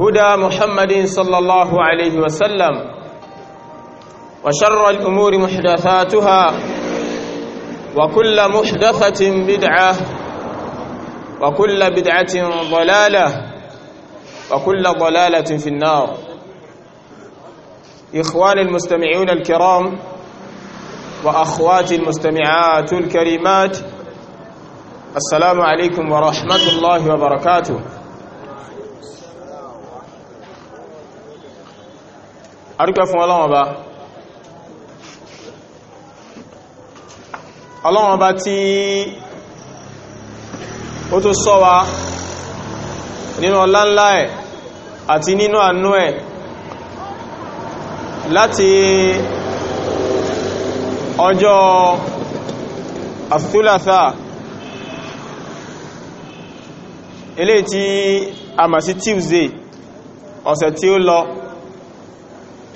هدى محمد صلى الله عليه وسلم وشر الأمور محدثاتها وكل محدثة بدعة وكل بدعة ضلالة وكل ضلالة في النار إخواني المستمعون الكرام وأخوات المستمعات الكريمات السلام عليكم ورحمة الله وبركاته àrípẹ́ fún ọlọ́wọ́n bá ọlọ́wọ́n bá tí ó tó sọ wa nínú ọláńlá ẹ̀ àti nínú àánú ẹ̀ láti ọjọ́ àfitúlàfà ilé tí a mà sí Tuesday ọ̀sẹ̀ tí ó lọ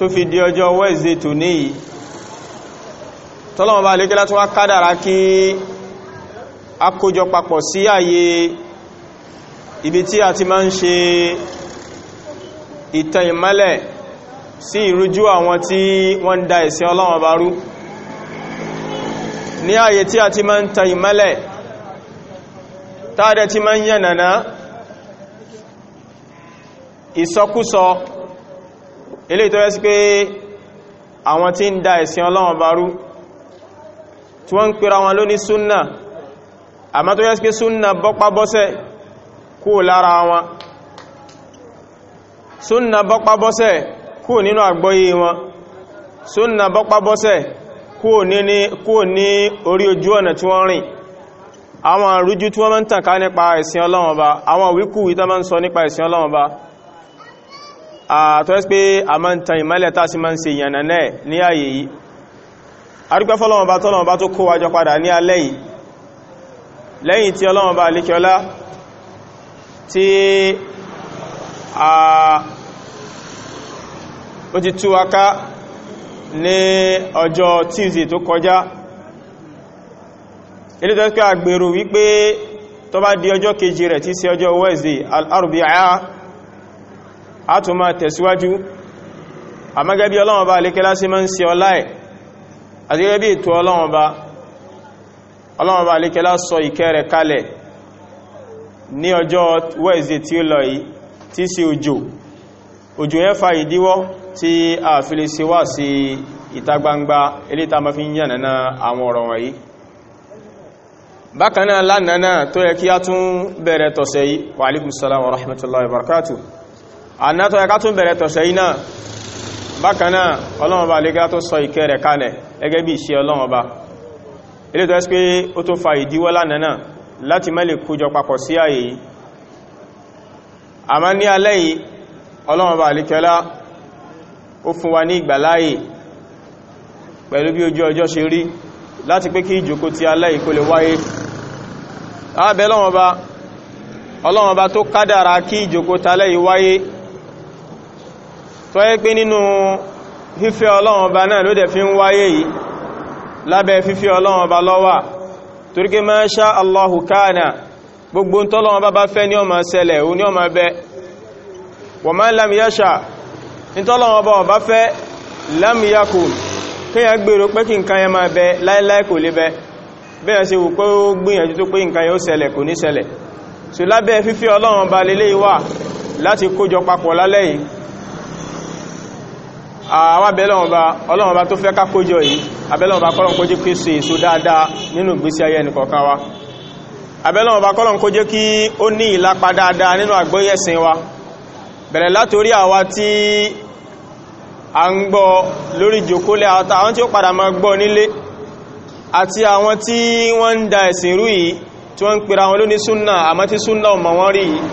tó fi di ọjọ́ Wednesday tó ní yìí tọ́lọ́wọ́n bá lè kílá tó wá kádàrá kí a kójọ papọ̀ sí àyè ibi tí a ti máa ń ṣe ìtàn ìmọ́lẹ̀ sí ìrújú àwọn tí wọ́n ń da ẹ̀sìn Ọlọ́run bá rú ní àyè tí a ti máa ń tan ìmọ́lẹ̀ táàdẹ̀ ti máa ń yànnàná ìsọkúsọ ilé tó yẹ́ sí pé àwọn tí ń da ẹ̀sìn ọlọ́wọ̀n barú tí wọ́n ń pèrà wọn ló ní súnnà àmá tó yẹ́ sí pé súnnà bọ́pá bọ́sẹ̀ kú lára wọn súnnà bọ́pá bọ́sẹ̀ kú nínú àgbọ́yé wọn súnnà bọ́pá bọ́sẹ̀ kú ní orí ojú ọ̀nà tí wọ́n rìn àwọn àrújú tí wọ́n ń tàn nípa ẹ̀sìn ọlọ́wọ̀n ba àwọn wíkúwí tó ń sọ nípa ẹ̀sìn ọlọ́wọ̀n ba tó ẹ́sì pé a máa ń tan ìmọ́lẹ̀ tá sí máa ń ṣe ìyànà náà ní ààyè yìí arúgbẹ́ fọ́lọ́wọ́n bá tọ́lọ́wọ́n bá tó kó wájọ padà ní alẹ́ yìí lẹ́yìn tí ọlọ́wọ́n bá alékiọlá tí a ó ti tú aká ní ọjọ́ Tuesday tó kọjá ilé tó a tún máa tẹ̀síwájú àmọ́gẹ́bí ọlọ́wọ́n bá lè kílá sí máa ń se ọlá ẹ̀ àti gẹ́gẹ́ bí ètò ọlọ́wọ́n bá ọlọ́wọ́n bá lè kílá sọ ìkẹ́ rẹ̀ kalẹ̀ ní ọjọ́ Wednesday tí ó lọ yìí tí sí òjò òjò yẹn fa ìdíwọ́ tí a fi lè ṣe wá sí ìta gbangba eléta ma fi ń yànnà àwọn ọ̀rọ̀ wọ̀nyí bákan náà lánàá náà tó yẹ kí a tún bẹ̀rẹ̀ tọ̀sẹ̀ yìí wa wa rahmatullahi wa barakatuh ànátọ́ ẹka tún bẹ̀rẹ̀ tọ̀sẹ̀ iná bákanáà ọlọ́mọba lẹ́gá tó sọ ìkẹ́ rẹ̀ kalẹ̀ ẹgẹ́ bí iṣẹ́ ọlọ́mọba ilé tó ẹ́sì pé ó tó fa ìdíwọ́ lánàá láti mẹ́lẹ̀ kójọ papọ̀ sí ààyè yìí àmá ní alẹ́ yìí ọlọ́mọba lẹ́kẹ́lá ó fún wa tó kádàrá kí ìjòkó talẹ́ yìí tó yẹ pé nínú fífẹ́ ọlọ́run ọba náà ló dẹ̀ fi ń wáyé yìí lábẹ́ fífẹ́ ọlọ́run ọba lọ́wà toríké ma sha Allahu kana gbogbo tọ́lọ́run ọba bá fẹ́ ní ó máa ṣẹlẹ̀ ó ní ó máa bẹ ma lam yasha nítọ́lọ́run ọba ọba fẹ́ lam yakun kíyàn gbèrò pé kí nǹkan yẹn máa bẹ láíláí kò lè bẹ bẹ́ẹ̀ sí wù pé ó gbìyànjú tó pé nǹkan yẹn ó kò ní ṣẹlẹ̀ so lábẹ́ fífẹ́ ọlọ́run ọba lélẹ́yìí wà láti kójọ papọ̀ lálẹ́ yìí àwa abẹ́lọ́wọ̀nba ọlọ́wọ̀nba tó fẹ́ kákójọ yìí abẹ́lọ́wọ̀nba kọ́lọ̀ kó jẹ́ kí so èso dáadáa nínú ìgbésí ayé ẹnìkọ̀ọ̀kan wa abẹ́lọ́wọ̀nba kọ́lọ̀ kó jẹ́ kí ó ní ìlapa dáadáa nínú àgbóyẹ̀sìn wa bẹ̀rẹ̀ látorí àwa tí a ń gbọ́ lórí jòkólẹ̀ àwọn tí ó padà máa gbọ́ nílé àti àwọn tí wọ́n ń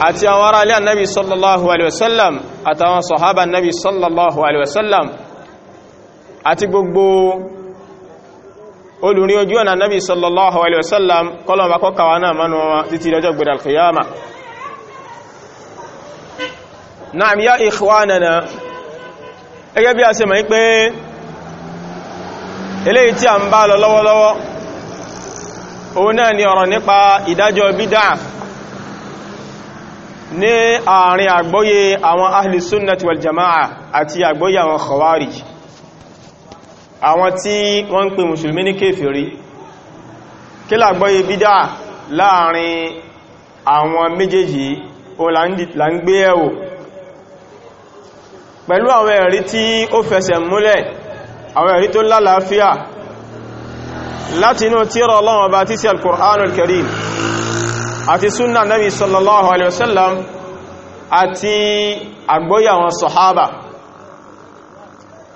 àti àwọn ará ilé annabi sallallahu alaihi wasallam àtàwọn sọ̀hábà annabi sallallahu alaihi wasallam àti gbogbo olùrin ojú ọ̀nà annabi sallallahu alaihi wasallam kọlọ̀ bá kọ́kàwà náà mọ́nu wọn títí lọ́jọ́ gbẹ̀rẹ̀ alkiyama na'am ya ikhwanana gẹ́gẹ́ bí a ṣe mọ̀ pé eléyìí tí náà ni ọ̀rọ̀ nípa ìdájọ́ bídáà ní àárín àgbóyé àwọn ahli wal jama'a àti àgbóyé àwọn khawarij àwọn tí wọ́n ń pè mùsùlùmí ní kéfèrí kí làgbóyé bídá láàrin àwọn méjèèjì o là ń gbé ẹ̀wò pẹ̀lú àwọn ẹ̀rí tí ó fẹsẹ̀ múlẹ̀ àwọn ẹ̀rí tó lálàáfíà látinú tí àti súnà nábi sallallahu alaihi wasallam àti àgbóyà àwọn sọ̀hábà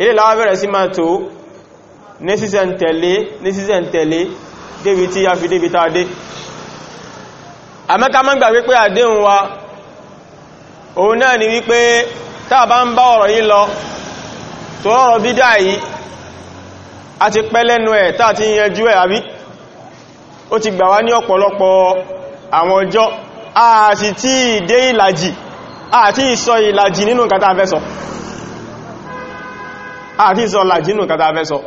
ilé láwá bẹ̀rẹ̀ sí máa tó ní sísẹ̀ntẹ̀lé ní sísẹ̀ntẹ̀lé débi tí a fi débi tá dé àmẹ́ká má gbàgbé àdéhùn wa òun náà ni wípé táà bá ń bá ọ̀rọ̀ yìí lọ tó ọ̀rọ̀ bídá yìí a ti pẹ́ lẹ́nu ẹ̀ táà ti yanjú ẹ̀ àbí ó ti gbà wá ní ọ̀pọ̀lọpọ̀ àwọn ọjọ́ a sì tí ìdé ìlàjì àti ìsọ ìlàjì nínú nǹkan a fẹ́ sọ àti ìsọ ìlàjì nínú nǹkan tá a fẹ́ sọ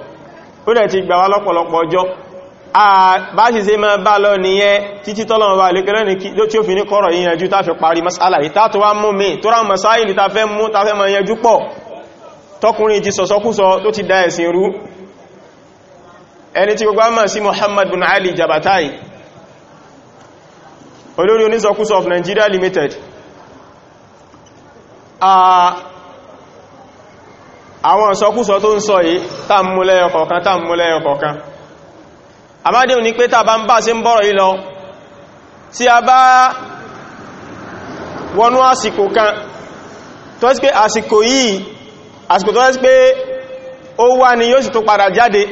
ó dẹ̀ ti gbà wá lọ́pọ̀lọpọ̀ ọjọ́ bá sì ṣe máa bá lọ ní tí ó fi masala yìí tá tó wá mú mi tó ráwọn masáìlì tá fẹ́ mú tá fẹ́ máa yanjú pọ̀ tọkùnrin ti sọ̀sọ́kúsọ tó ẹni tí gbogbo á mọ̀ sí Muhammad bin Ali Jabatai olórí onísọkúsọ of Nigeria Limited àwọn ìsọkúsọ tó ń sọ yìí tá ń mú lẹ́yọ kọ̀ọ̀kan tá ń mú lẹ́yọ kọ̀ọ̀kan àmádéhùn ní pé tá bá ń bá sí ń bọ́rọ̀ yìí lọ tí a bá wọnú àsìkò kan tó ẹ́sì pé àsìkò yìí àsìkò tó ẹ́sì pé ó wá ni yóò sì tó padà jáde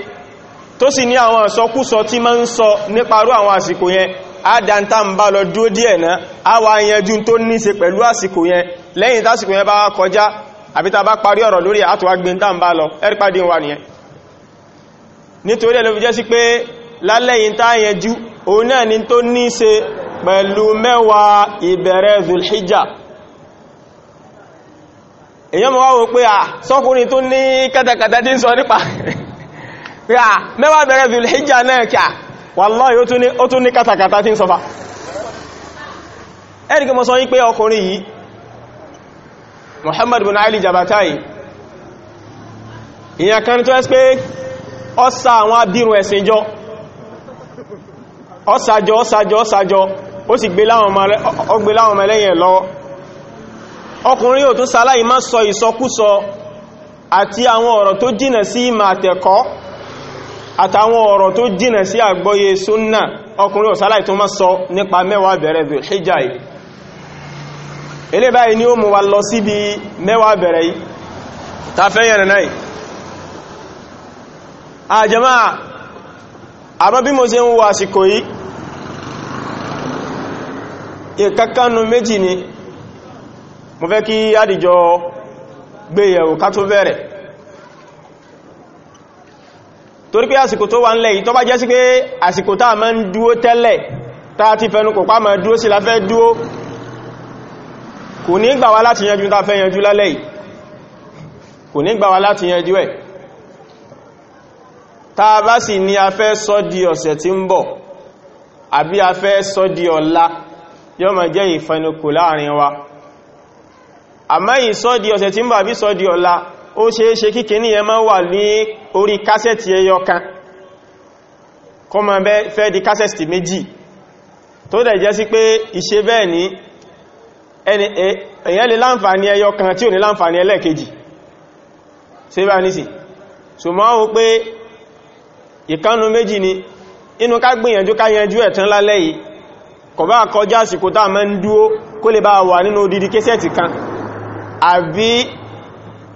tó sì ní àwọn ìsọkúsọ tí máa ń sọ níparú àwọn àsìkò yẹn àdántà ń bá lọ dúó díẹ̀ náà a wá yanjú tó ní ṣe pẹ̀lú àsìkò yẹn lẹ́yìn tásìkò yẹn bá kọjá àbí tá bá parí ọ̀rọ̀ lórí àtúwà gbíntà ń bá lọ ẹ́rìpàdé wà nìyẹn nítorí ẹ̀ ló fi jẹ́ sí pé lálẹ́yìn tá yanjú òun náà ni tó ní ṣe pẹ̀lú mẹ́wàá ìbẹ̀rẹ̀ wàláhì ó tún ní kátàkátà tí ń sọfà ẹ́rìkì mọ́ sọ yí pé ọkùnrin yìí bin Ali Jabatai ìyàn kan tó ẹ́sì pé awọn àwọn abirùn ẹ̀sìn jọ ọ́sàjọ ọ́sàjọ ọ́sàjọ ó sì gbé láwọn ọmọ ẹlẹ́yìn ọkùnrin yóò tún sáláì má sọ ìsọkúsọ àti àwọn ọ̀rọ̀ tó jìnà sí ìmà àtẹ̀kọ́ àtàwọn ọ̀rọ̀ tó jìnà sí àgbọ́yé súnnà ọkùnrin ọ̀sáláì tó máa sọ nípa mẹ́wàá bẹ̀rẹ̀ Dhul Hijja yìí ni ó mú wa lọ síbi mẹ́wàá bẹ̀rẹ̀ yìí ta fẹ́ yẹn náà yìí àmọ́ bí mo ń wo ni mo fẹ́ kí ká tó torí pé àsìkò tó wà nílẹ̀ yìí tó bá jẹ́ sí pé àsìkò tá a máa ń dúó tẹ́lẹ̀ tá a ti fẹnu kò pá máa dúó sí la fẹ́ dúó kò ní gbà wá láti yanjú tá fẹ́ yanjú lálẹ́ yìí kò ní gbà wá láti yanjú ẹ̀ tá a bá sì ní a fẹ́ ọ̀sẹ̀ tí ń bọ̀ àbí ọ̀la yóò máa jẹ́ ìfẹnukò kíkẹ́ ní ẹ wà ní orí kásẹ̀tì ẹyọ kan kó ma bẹ́ fẹ́ di kásẹ̀tì méjì tó dẹ̀ jẹ́ sí pé ìṣe bẹ́ẹ̀ ní èyàn lè láǹfààní ẹyọ kan tí ò ní láǹfààní ẹlẹ́ẹ̀kejì ṣe bá ní sí so máa wo pé ìkánu méjì ni inú ká gbìyànjú ká yanjú ẹ̀tán lálẹ́ yìí kò bá kọjá àsìkò tá a máa ń dúó kó lè bá wà nínú odidi késẹ̀tì kan àbí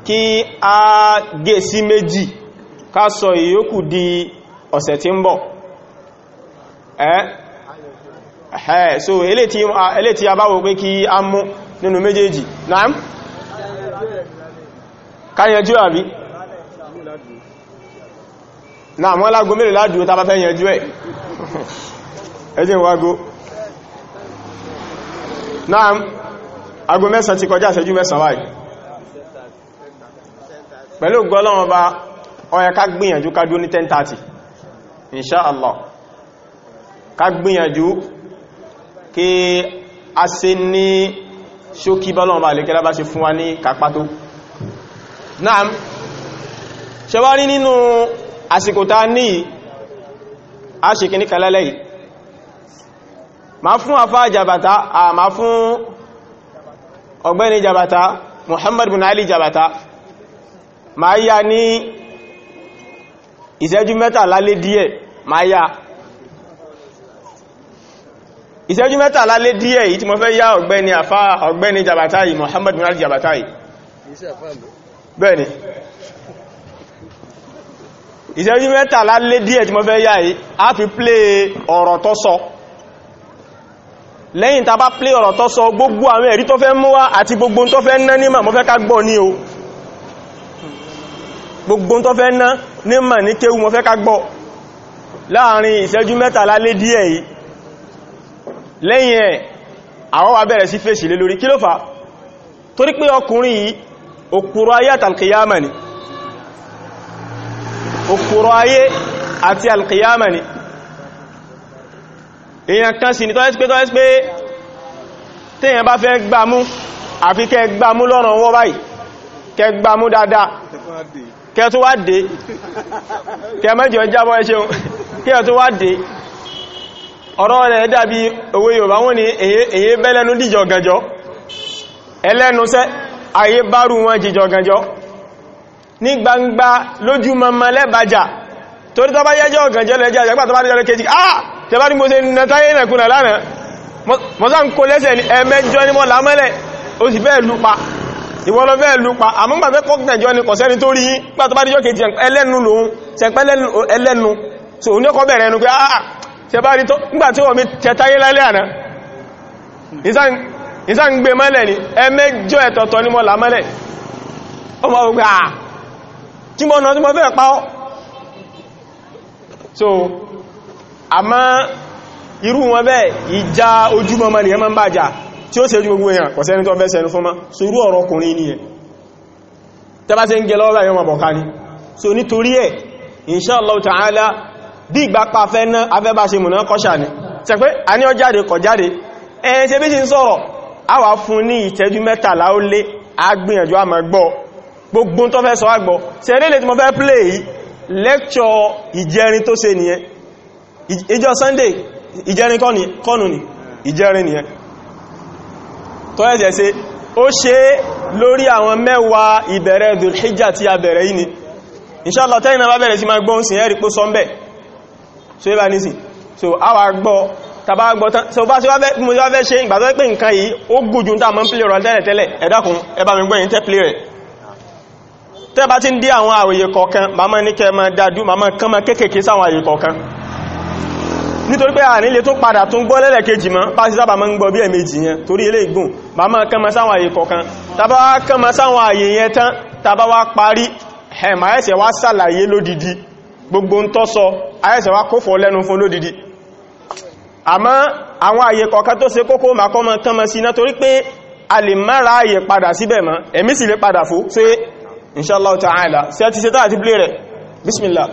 kí a gé e sí méjì ká sọ ìyókù di ọ̀sẹ̀ tí ń bọ̀ so elé tí a bá wò pé kí a mú nínú méjèèjì náà káyẹjú àbí náà mọ́ lágó mẹ́rin ládùú tàbá fẹ́ yẹjú ẹ̀ ẹjẹ́ ìwágó náà mẹ́sàn ti kọjá ìṣẹ́jú mẹ́sàn báyìí pẹ̀lú gọ́lọ́wọ́n bá ó yẹ ká gbìyànjú ká dúó ní 10:30 inṣáàlá ká gbìyànjú kí a ṣe ní ṣókí bọ́lọ̀ bá lè kẹ́lá bá ṣe fún wa ní kápá tó náà ṣe wá rí nínú àsìkò ní a ṣe kì ní kalẹ́lẹ́ yìí ma fún afá jàbàtà a ma fún ọgbẹ́ni jàbàtà Muhammad bin Ali jàbàtà ma yá ní ìṣẹ́jú mẹ́tàlá lé díẹ̀ máa yá ìṣẹ́jú mẹ́tàlá lé díẹ̀ yìí tí mo fẹ́ yá ọ̀gbẹ́ni àfá ọ̀gbẹ́ni jabatai Muhammad bin Ali jabatai bẹ́ẹ̀ni ìṣẹ́jú mẹ́tàlá lé díẹ̀ tí mo fẹ́ yá yìí a fi plé ọ̀rọ̀ tó sọ lẹ́yìn tá bá plé ọ̀rọ̀ tó sọ gbogbo àwọn ẹ̀rí tó fẹ́ mú wá àti gbogbo tó fẹ́ ná ní mà mo fẹ́ ká gbọ́ ní o gbogbo tó fẹ́ ná ní mà ní kéwú mo fẹ́ ká gbọ́ láàrin ìṣẹ́jú mẹ́tàlá lé díẹ̀ yìí lẹ́yìn ẹ̀ àwọn wa bẹ̀rẹ̀ sí fèsì lé lórí kí ló fà torí pé ọkùnrin yìí òkúrọ ayé àtàlkìyàmà ni òkúrọ ayé àti alkìyàmà ni èyàn kan sì ní tọ́yẹ́sí pé tọ́yẹ́sí pé téèyàn bá fẹ́ gbámú àfi kẹ́ gbámú lọ́rọ̀ wọ́ báyìí kẹ tó wá dé kẹ mẹ́jọ jábọ́ ẹṣẹ́ kẹ tó wá dé ọ̀rọ̀ rẹ̀ dàbí òwe Yorùbá wọ́n ní èyí bẹ́lẹ́nu dìjọ gànjọ́ ẹlẹ́nusẹ́ ayé bárù wọn jìjọ gànjọ́ ní gbangba lójú mọ́mọ́ lẹ́bàjá torí tọ́bá yẹjọ́ gànjọ́ lẹ́jọ́ ìwọ́lọ fẹ́ lù pa àmúgbà fẹ́ kọ́kẹ̀jọ́ ni kọ̀sẹ́ni tó rí pàtàkì bá díjọ́ kejì ẹlẹ́nu lòun tẹ́pẹ́ ẹlẹ́nu so ní ọkọ̀ bẹ̀rẹ̀ ẹnu pé àà ah, tẹ́ ah, bá rí tó nígbà tí wọ́n mi tẹ́tayé lálẹ́ àná ìsá ń gbé mọ́lẹ̀ ni ẹmẹ́jọ́ ẹ̀tọ̀tọ̀ ni mọ́ là mọ́lẹ̀ ó mọ́ gbogbo àà kí mọ́ náà tí mọ́ fẹ́ pa ọ́ so àmọ́ irú wọn bẹ́ẹ̀ ìjà ojúmọ́mọ́ ni ẹ máa ń bàjá tí ó ṣe rí gbogbo èèyàn kọ̀sẹ́ ní tó fẹ́ sẹ́nu fún ma so irú ọ̀rọ̀ ọkùnrin ní ẹ̀ tẹ́bá ṣe ń gẹ lọ́wọ́ àyọ́mà bọ̀ká ní so nítorí ẹ̀ inṣáàlá ta'ala bí ìgbà pa afẹ́ náà afẹ́ bá ṣe múná kọ́ṣà ní tẹ́ pé a ní ọjáde kọjáde play lecture ìjẹrin tó ṣe nìyẹn ìjọ Sunday ìjẹrin kọ́nù ni ìjẹrin nìyẹn tó ẹ̀ṣẹ̀ ṣe ó ṣe lórí àwọn mẹ́wàá ìbẹ̀rẹ̀ dùlhíjà tí a bẹ̀rẹ̀ yìí ni inṣàlá tẹ́yìnà bá bẹ̀rẹ̀ sí ma gbọ́n sí ẹ̀rí pó sọ́mbẹ̀ so yíba ní sí so a wà gbọ́ tàbá gbọ́ tán so bá sí wá fẹ́ ṣe ìgbà tó pé nǹkan yìí ó gùjù ń tàbí pílẹ̀ rọ̀ tẹ́lẹ̀ tẹ́lẹ̀ ẹ dákun ẹ bá mi gbọ́yìn tẹ́ pílẹ̀ rẹ̀ tẹ́ bá ti ń dí àwọn àwòyè kọ̀ọ̀kan màmá ní kẹ́ máa dáadú màmá kán máa kéékèèké sáwọn àwòyè kọ̀ọ̀kan nítorí pé àní lè tún padà tún gbọ́ lẹ́lẹ̀kejì mọ́ pàṣí sábà máa ń gbọ́ bí ẹ̀mejì yẹn torí ilé ìgbùn bá máa kán ma sáwọn àyè kọ̀kan tàbá wá kán ma sáwọn àyè yẹn tán tàbá wá parí ẹ̀mà ẹ̀sẹ̀ wá sàlàyé lódìdí gbogbo ń tọ́sọ ayẹ́sẹ̀ wá kó fọ́ lẹ́nu fún lódìdí àmọ́ àwọn àyè kọ̀kan tó ṣe kókó ma kọ́ ma kán ma sí iná torí pé a lè mára àyè padà síbẹ̀ mọ́ ẹ̀mí sì lè padà fún ṣe inshallah ta'ala sí ẹ ti ṣe tá àti blé rẹ̀ bismillah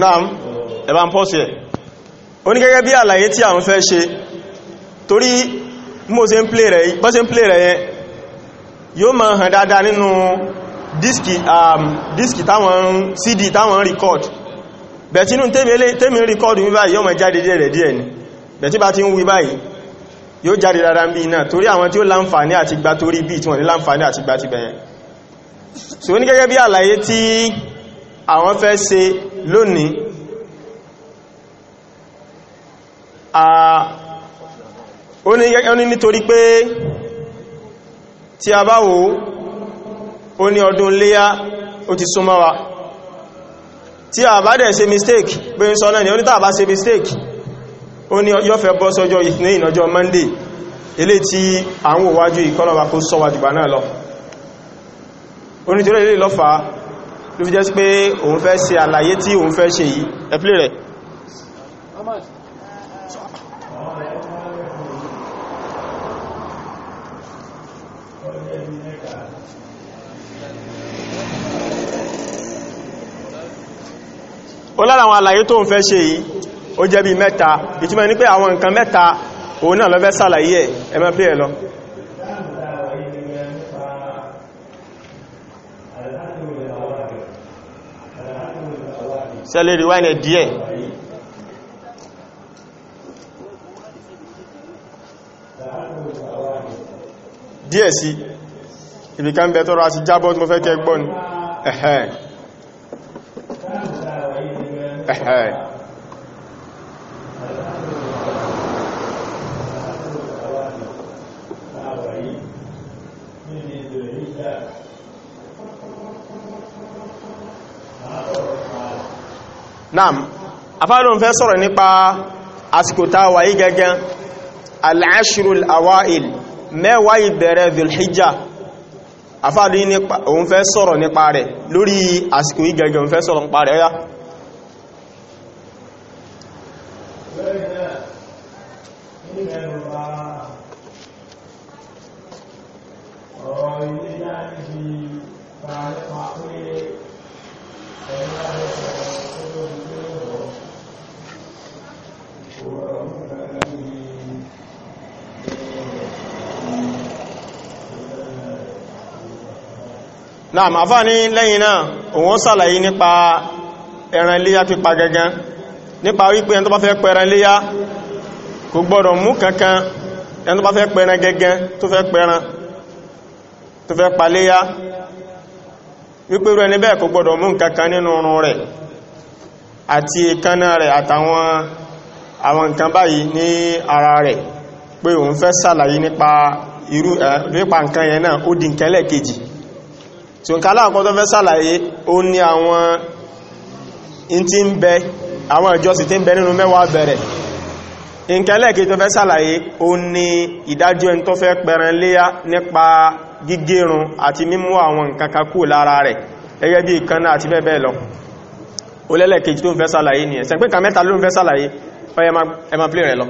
naam ẹ̀bá ń pọ́ sí ẹ̀ ó ní gẹ́gẹ́ bí àlàyé tí àwọn fẹ́ ṣe torí mo ṣe ń bọ́ ṣe ń play rẹ̀ yẹn yóò máa hàn dáadáa nínú dískì um, táwọn cd táwọn record bẹ̀tí inú tèmi record wí báyìí yóò máa jáde díẹ̀ rẹ̀ díẹ̀ ni bẹ̀tí bá ti ń wí báyìí yóò jáde dáadáa bí iná torí àwọn tí ó láǹfààní àti gba torí bí tí wọ́n ní láǹfààní àti gba ti bẹ̀yẹn so ní gẹ́gẹ́ bí àlàyé tí àwọn fẹ́ ṣe lónìí ó ní nítorí pé tí a bá wò ó ní ọdún léyá ó ti súnmọ́ wa tí a bá dẹ̀ ṣe mistake pé ń sọ náà ni ó ní tàbá ṣe mistake ó ní yọ́ fẹ́ bọ́ sọ́jọ́ ìtìní ìnàjọ́ monday ilé tí àwọn òwájú ìkọ́lọ̀wà kó sọ́wà jùgbà náà lọ ló fi jẹ́ sí pé òun fẹ́ ṣe àlàyé tí òun fẹ́ ṣe yìí ẹ̀fílẹ̀ rẹ̀ ó lára àwọn àlàyé tó ń fẹ́ ṣe yìí ó jẹ́ bí mẹ́ta ìtumọ̀ ní pé àwọn nǹkan mẹ́ta òun náà ló fẹ́ ṣàlàyé ẹ̀ ẹ̀mọ́ pé ẹ̀ lọ sẹ́lẹ̀ rí wáìnẹ̀ díẹ̀ díẹ̀ sí ibìkan bẹ̀ tọ́rọ àti jábọ́ tí mo fẹ́ kẹ́ gbọ́n ẹ̀hẹ́ ẹ̀hẹ́ naam afáàlùn fẹ́ sọ̀rọ̀ nípa àsìkò tá a wà yí gẹ́gẹ́ al-ashrul awail mẹ́wàá ìbẹ̀rẹ̀ vilhijja afáàlùn nípa òun fẹ́ sọ̀rọ̀ nípa rẹ̀ lórí àsìkò yí gẹ́gẹ́ Thank you. náà àfá ní lẹ́yìn náà òun sàlàyé nípa ẹran iléyá pípa gangan nípa wípé ẹni tó bá fẹ́ pẹran iléyá kò gbọ́dọ̀ mú kankan ẹni tó bá fẹ́ pẹran gangan tó fẹ́ pẹran tó fẹ́ paléyá wípé rẹ̀ níbẹ̀ kò gbọ́dọ̀ mú kankan nínú ọrùn rẹ̀ àti ìkánná rẹ̀ àtàwọn àwọn nǹkan báyìí ní ara rẹ̀ pé òun fẹ́ sàlàyé nípa irú nípa nǹkan yẹn náà ó di nǹkan lẹ́ẹ̀kejì so nǹkan aláàkọ́ tó fẹ́ sàlàyé ó ní àwọn tí ń bẹ àwọn ìjọsìn tí ń bẹ nínú mẹ́wàá bẹ̀rẹ̀ nǹkan lẹ́ẹ̀kẹ́ tó fẹ́ sàlàyé ó ní ìdájọ́ ẹni tó fẹ́ pẹran léyá nípa gígérun àti mímú àwọn nǹkan kan kú lára rẹ̀ gẹ́gẹ́ bí ìkanná àti bẹ́ẹ̀ bẹ́ẹ̀ lọ ó tó fẹ́ sàlàyé nìyẹn sẹ́gbẹ́ kan mẹ́ta ló ń fẹ́ sàlàyé ọya ẹ plé rẹ̀ lọ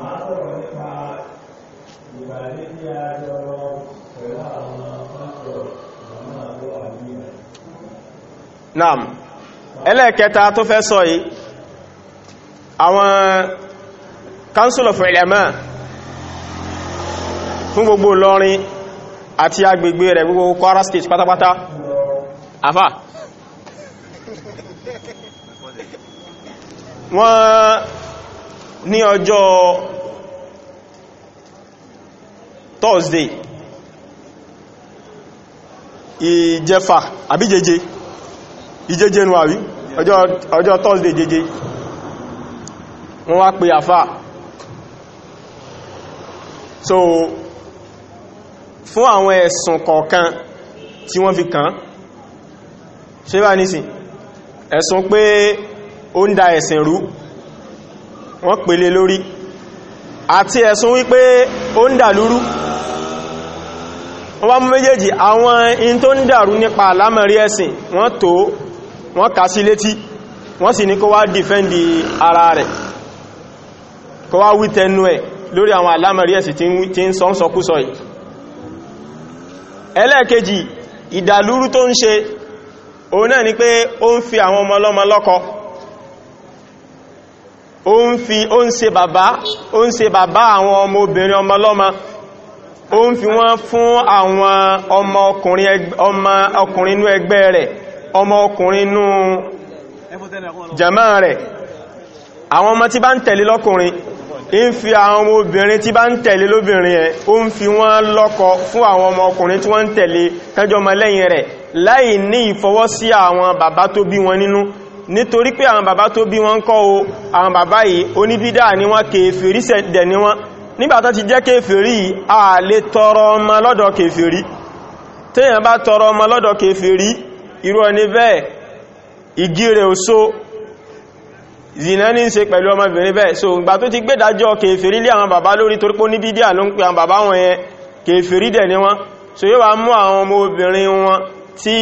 máa sọ̀rọ̀ nípa ìpàdé tí a jọ lọ pẹ̀lú àwọn pásọ̀ àwọn àgbọ̀ àdúrà. Naam, ẹlẹ́ẹ̀kẹta tó fẹ́ sọ yìí, àwọn Council of Ulama fún gbogbo Ìlọrin àti agbègbè rẹ̀ gbogbo Kwara State pátápátá. Àfà. Wọ́n ní ọjọ́ Thursday ìjẹfà àbí jẹjẹ ìjẹjẹ nù àbí ọjọ́ Thursday jẹjẹ wọ́n wá pè àfà so fún àwọn ẹ̀sùn kọ̀ọ̀kan tí wọ́n fi kàn ṣe bá nísìn ẹ̀sùn pé ó ń da ẹ̀sìn rú wọ́n pèlè lórí àti ẹ̀sùn wípé ó ń dàlúrú wọ́n bá mú méjèèjì àwọn in tó ń dàrú nípa àlámọ̀rí ẹ̀sìn wọ́n tó wọ́n kà sí létí wọ́n sì ní kó wá dìfẹ́ndì ara rẹ̀ kó wá wí tẹnu ẹ̀ lórí àwọn àlámọ̀rí ẹ̀sìn tí ń sọ́nsọkúsọ yìí ẹlẹ́ẹ̀kejì ó ń fi ó ń ṣe bàbá ó ń ṣe bàbá àwọn ọmọ obìnrin ọmọ lọ́mọ ó ń fi wọ́n fún àwọn ọmọ ọkùnrin inú ẹgbẹ́ rẹ̀ ọmọ ọkùnrin inú jàmá rẹ̀ àwọn ọmọ tí bá ń tẹ̀lé lọ́kùnrin ń fi àwọn ọmọ obìnrin tí bá ń tẹ̀lé lóbìnrin ẹ̀ ó ń fi wọ́n lọ́kọ fún àwọn ọmọ ọkùnrin tí wọ́n ń tẹ̀lé tẹ́jọ́ ọmọ lẹ́yìn rẹ̀ láì ní ìfọwọ́sí àwọn bàbá tó bí wọn nínú nítorí pé àwọn bàbá tó bí wọn kọ́ o àwọn bàbá yìí oníbídà ni wọ́n kèfèrí sẹ̀dẹ̀ ni wọ́n nígbàtá ti jẹ́ kèfèrí a lè tọrọ ọmọ lọ́dọ̀ kèfèrí téèyàn bá tọrọ ọmọ lọ́dọ̀ kèfèrí irú ẹni bẹ́ẹ̀ igi rẹ̀ oṣó zina ní ṣe pẹ̀lú ọmọbìnrin bẹ́ẹ̀ so ìgbà tó ti gbédájọ́ kèfèrí lé àwọn bàbá lórí torí pé oníbídà ló ń pe so yóò wá mú àwọn ọmọ obìnrin wọn tí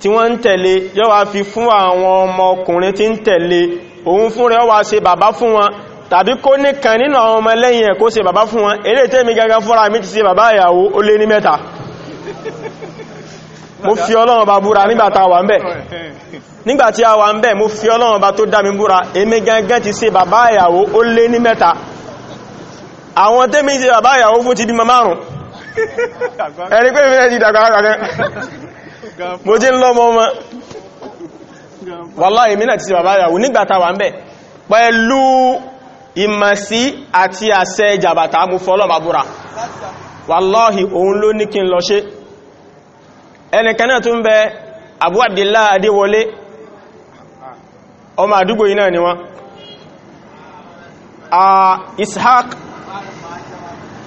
tí wọ́n ń tẹ̀lé yóò wá fi fún àwọn ọmọ ọkùnrin tí ń tẹ̀lé òun fún rẹ̀ wá ṣe bàbá fún wọn tàbí kó nìkan nínú àwọn ọmọ lẹ́yìn ẹ̀ kó ṣe bàbá fún wọn eré tẹ́mi gẹ́gẹ́ fúnra mi ti ṣe bàbá ìyàwó ó lé ní mẹ́ta mo fi ọlọ́run bá búra nígbàtí wà ń bẹ̀ nígbàtí a wà ń bẹ̀ mo fi ọlọ́run bá tó dá mi búra èmi gẹ́gẹ́ ti ṣe bàbá ìyàwó ó lé ní mẹ́ta àwọn tẹ́mi ṣe bàbá ìyàwó fún ti bímọ márùn-ún ẹni pé mi náà ti dàgbà mo jí ń lọ́mọ ọmọ wàláhì mínà ti bàbá ìyàwó nígbàtà wà ń bẹ̀ pẹ̀lú ìmọ̀sí àti àṣẹ ìjàbàtà mú fọ́lọ̀ bàbúrà wàláhì òun ló ní kí n lọ ṣe ẹnìkan náà tún bẹ Abu Abdillah Adéwọlé ọmọ àdúgbò yìí náà ni wọ́n Ishaq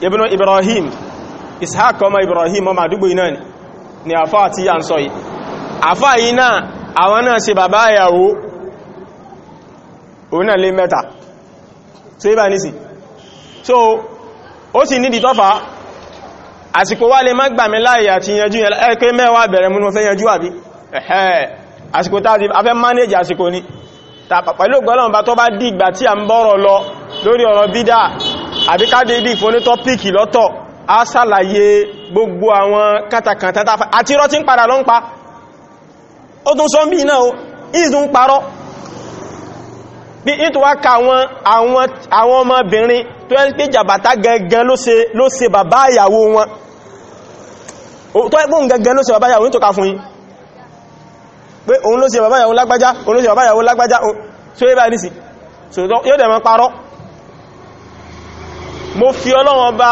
ibn Ibrahim Ishaq ọmọ Ibrahim ọmọ àdúgbò yìí náà ni ni àfá àti yà ń sọ yìí àfá yìí náà àwọn náà ṣe bàbá ìyàwó òun náà lé mẹ́ta tó yíba ní so ó sì nídi tọ́fà àsìkò wá lè má gbàmí láàyè àti yanjú ẹ pé mẹ́wàá bẹ̀rẹ̀ múnú fẹ́ yanjú àbí ẹ̀hẹ́ àsìkò tàbí afẹ́ manage àsìkò ni pẹ̀lú ògbọ́lọ́mbà tó bá dìgbà tí a ń bọ́rọ̀ lọ lórí ọ̀rọ̀ bídá àbíkádé bí ìfónítọ́ píkì lọ́tọ̀ a ṣàlàyé gbogbo àwọn kátàkàntà àti irọ́ tí ń padà lọ ń pa ó tún sọ ń bí náà ó ìdún parọ́ bí i tó wá ka àwọn ọmọbìnrin tó ẹ́ pé jàbàtà gẹ́gẹ́ ló ṣe bàbá ìyàwó wọn tó ẹ́ gbóhùn gẹ́gẹ́ ló ṣe bàbá ìyàwó nítòká fún yí pé òun ló ṣe bàbá ìyàwó lágbájá òun ló ṣe bàbá ìyàwó lágbájá tó yẹ́ bá ní sí yóò dẹ̀ mọ́ parọ́ mo fi Ọlọ́run bá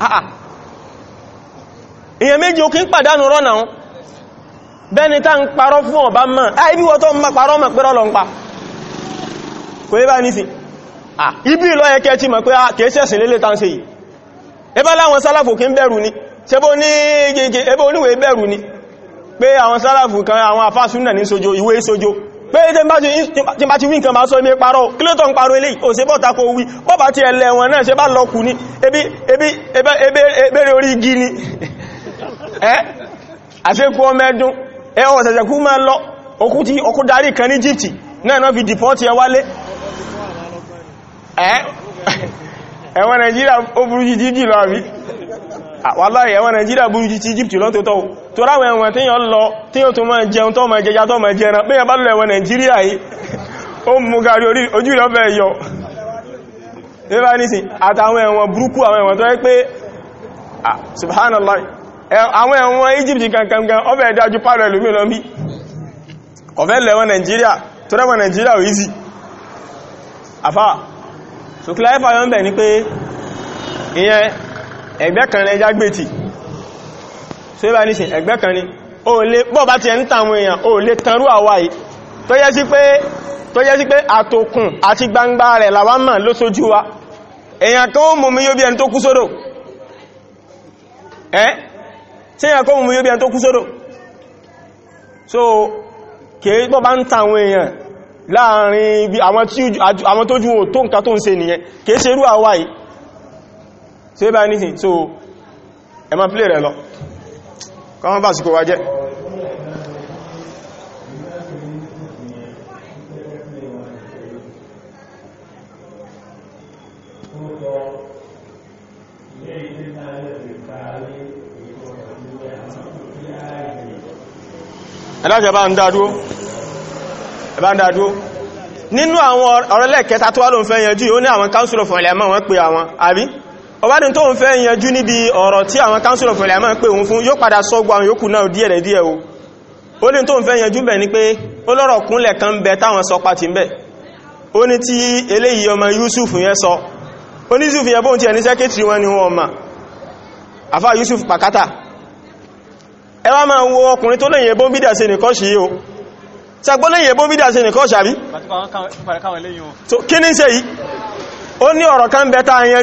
Ah, ah. èyàn méjì ó kí ń pàdánù rọ́nà wọn bẹ́ni tá ń parọ́ fún ọba mọ́ ah, ibi wọ́n tó ń ma parọ́ mọ̀ pẹ́rọ lọ ń pa kò yẹ ní sí ibi ìlọ ẹkẹ́ ti mọ̀ pé kèésẹ̀sìn lélẹ̀ tá ń ṣe yìí ẹbá láwọn sálàfù kí ń bẹ̀rù ni ṣebó ní gẹ́gẹ́ ẹbó oníwẹ̀ bẹ̀rù ni pé pé tí bá ti wí nǹkan máa sọ imi parọ́ kí ló tọ́ ń parọ́ ilé òsè wí ti ẹ̀lẹ̀ wọn náà ṣe bá lọ́kù ní ebi ebe ebèrè orí igi ni ẹ́ àṣẹ́kù ẹ kú lọ ti kan ní Ah, wàláhì ẹ̀wọ̀n Nàìjíríà burú jí ti Egypt lọ́tọ́ tọ́ tó ráwọn ẹ̀wọ̀n tí yàn lọ tí yàn tó máa jẹun tó máa jẹja tó máa jẹran pé yàn bá lọ ẹ̀wọ̀n Nàìjíríà yìí ó mú gàrí ojú rẹ̀ ọ̀fẹ́ yọ nígbà nísìn àtàwọn ẹ̀wọ̀n burúkú àwọn ẹ̀wọ̀n tó yẹ pé ah, subhanallah àwọn ẹ̀wọ̀n Egypt kankankan ọ̀fẹ́ dájú pàrọ̀ ẹlòmí lọ bí ọ̀fẹ́ lẹ̀wọ̀n Nàìjíríà tó rẹ̀wọ̀n Nàìjíríà ò easy àfà sùkúlẹ̀ ẹ̀fà yọ́ ń bẹ̀ ni pé ìyẹn ẹgbẹ́ kan ní ẹjá gbé tì so ibá níṣẹ́ ẹgbẹ́ kan ní o lè bọ́ bá ti ẹ̀ ń tàwọn èèyàn o lè tanrú àwa yìí tó yẹ sí pé tó yẹ sí pé àtòkùn àti gbangba rẹ̀ làwa mọ̀ ló sójú wa èèyàn kan ó mú mi yóò bí ẹni tó kú sódò ẹ́ tí èèyàn kan ó mú mi yóò bí ẹni tó kú sódò so kèé bọ́ bá ń tàwọn èèyàn láàrin àwọn tójú ò tó nǹkan tó ń ṣe nìyẹn kèé ṣerú àwa yìí ṣe bá ní so ẹ ma play rẹ̀ lọ kọ́mọ́ bá síkò wájẹ́ ẹ̀lájẹ̀ bá ń dádúó ẹ̀bá ń dádúó nínú àwọn ọ̀rẹ́lẹ̀kẹta tó wá ló ń fẹ́ yẹn jù ó ní àwọn council of ọ̀lẹ́mọ̀ wọ́n pè àwọn àbí ọbádùn tó ń fẹ́ yanjú níbi ọ̀rọ̀ tí àwọn council of ulama pè òun fún yóò padà sọ́gbọ́ àwọn yòókù náà díẹ̀ díẹ̀ o ó ní tó ń fẹ́ yanjú bẹ̀ ni pé ó lọ́rọ̀ kúnlẹ̀ kan bẹ táwọn sọ pàtí bẹ̀ ó ní tí eléyìí ọmọ Yusuf yẹn sọ ó ní Yusuf yẹn bóhun ti ẹni sẹ́kẹ́tìrì wọn ni wọn ọmọ àfá Yusuf pàkátà ẹ wá máa wo ọkùnrin tó lẹ́yìn ebón bídà sí nìkan ṣe yìí o sàgbọ́n lẹ́yìn ebón bídà sí nìkan ṣàbí kí ní ṣe yìí ó ní ọ̀rọ̀ kan bẹ tá a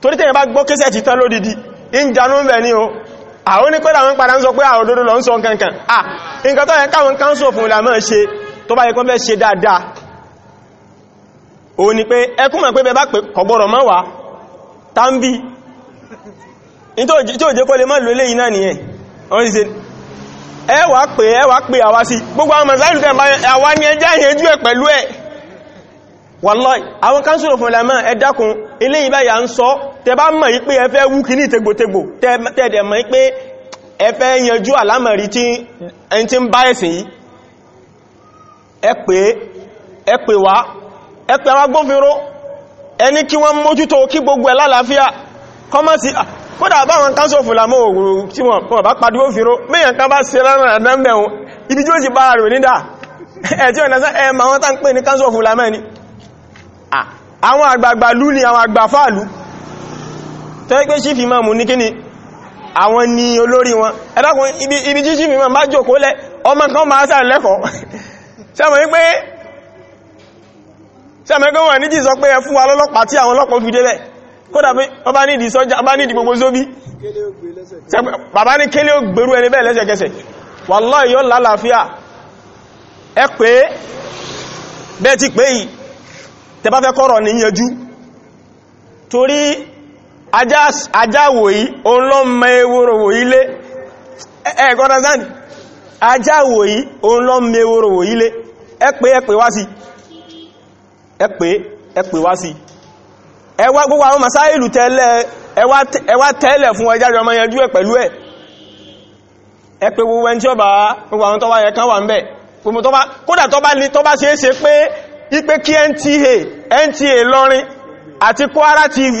torí tẹ́yìn bá gbọ́ kéṣẹ́ ti tán lódìdí in janú ń bẹ̀ ní o àwọn ní kọ́dà wọn padà ń sọ pé àwọn òdodo lọ ń sọ kankan à nǹkan tó yẹ káwọn káńsọ̀ fún ìlàmọ́ ṣe tó bá yẹ kọ́ fẹ́ ṣe dáadáa òun ni pé ẹkún mọ̀ pé bẹ bá pè kọ̀gbọ́rọ̀ mọ́ wá tàbí tí ó jẹ́ kó lè mọ́ lò lè iná nìyẹn wọ́n ti ṣe ẹwà pè ẹwà pè àwá tẹ bá mọ̀ yí pé ẹ fẹ́ wú kíní tegbòtegbò tẹ́ẹ̀dẹ̀ mọ̀ yí pé ẹ fẹ́ yanjú àlámọ̀rí tí ẹni tí ń bá ẹ̀sìn yìí ẹ pè ẹ pè wá ẹ pè àwọn agbófinró ẹni kí wọ́n mójútó kí gbogbo ẹ̀ ibi tí ó sì bá rẹ̀ nídà ẹ̀tí ọ̀nà sẹ́ ẹ̀mà wọn tá àwọn àgbàgbà lú ni àwọn àgbàfáàlú tó yẹ pé chief imam ní kíni àwọn ni olórí wọn ẹ̀dàkùn ibi tí chief imam bá jòkó lẹ ọmọ kan máa sáà lẹ́kọ̀ọ́ sẹ́mọ̀ wípé wọ́n nídìí sọ pé ẹ fún wa lọ́lọ́pàá tí àwọn ọlọ́pàá fi débẹ̀ kódà pé wọ́n bá nídìí sọ́jà bá nídìí gbogbo sóbí bàbá ní kélé ó gbèrú ẹni bẹ́ẹ̀ lẹ́sẹ̀kẹsẹ̀ wallahi yóò torí ajáwòyí òun lọ mọ ewúrowòyí lé ẹ̀ẹ̀kọ́ta sáàdì ajáwòyí òun lọ mọ ewúrowòyí lé ẹ̀pẹ́ ẹ̀pẹ́ wá sí ẹ̀pẹ́ ẹ̀pẹ́ wá sí ẹwà gbogbo àwọn masáìlù tẹ́lẹ̀ ẹwà tẹ́lẹ̀ fún ẹjájọ ọmọ yanjú ẹ̀ pẹ̀lú ẹ̀ ẹ̀pẹ́ gbogbo ẹni tí ó bá gbogbo àwọn tọ́wà yẹ kán wà ń bẹ̀ gbogbo tọ́bá àti Kwara TV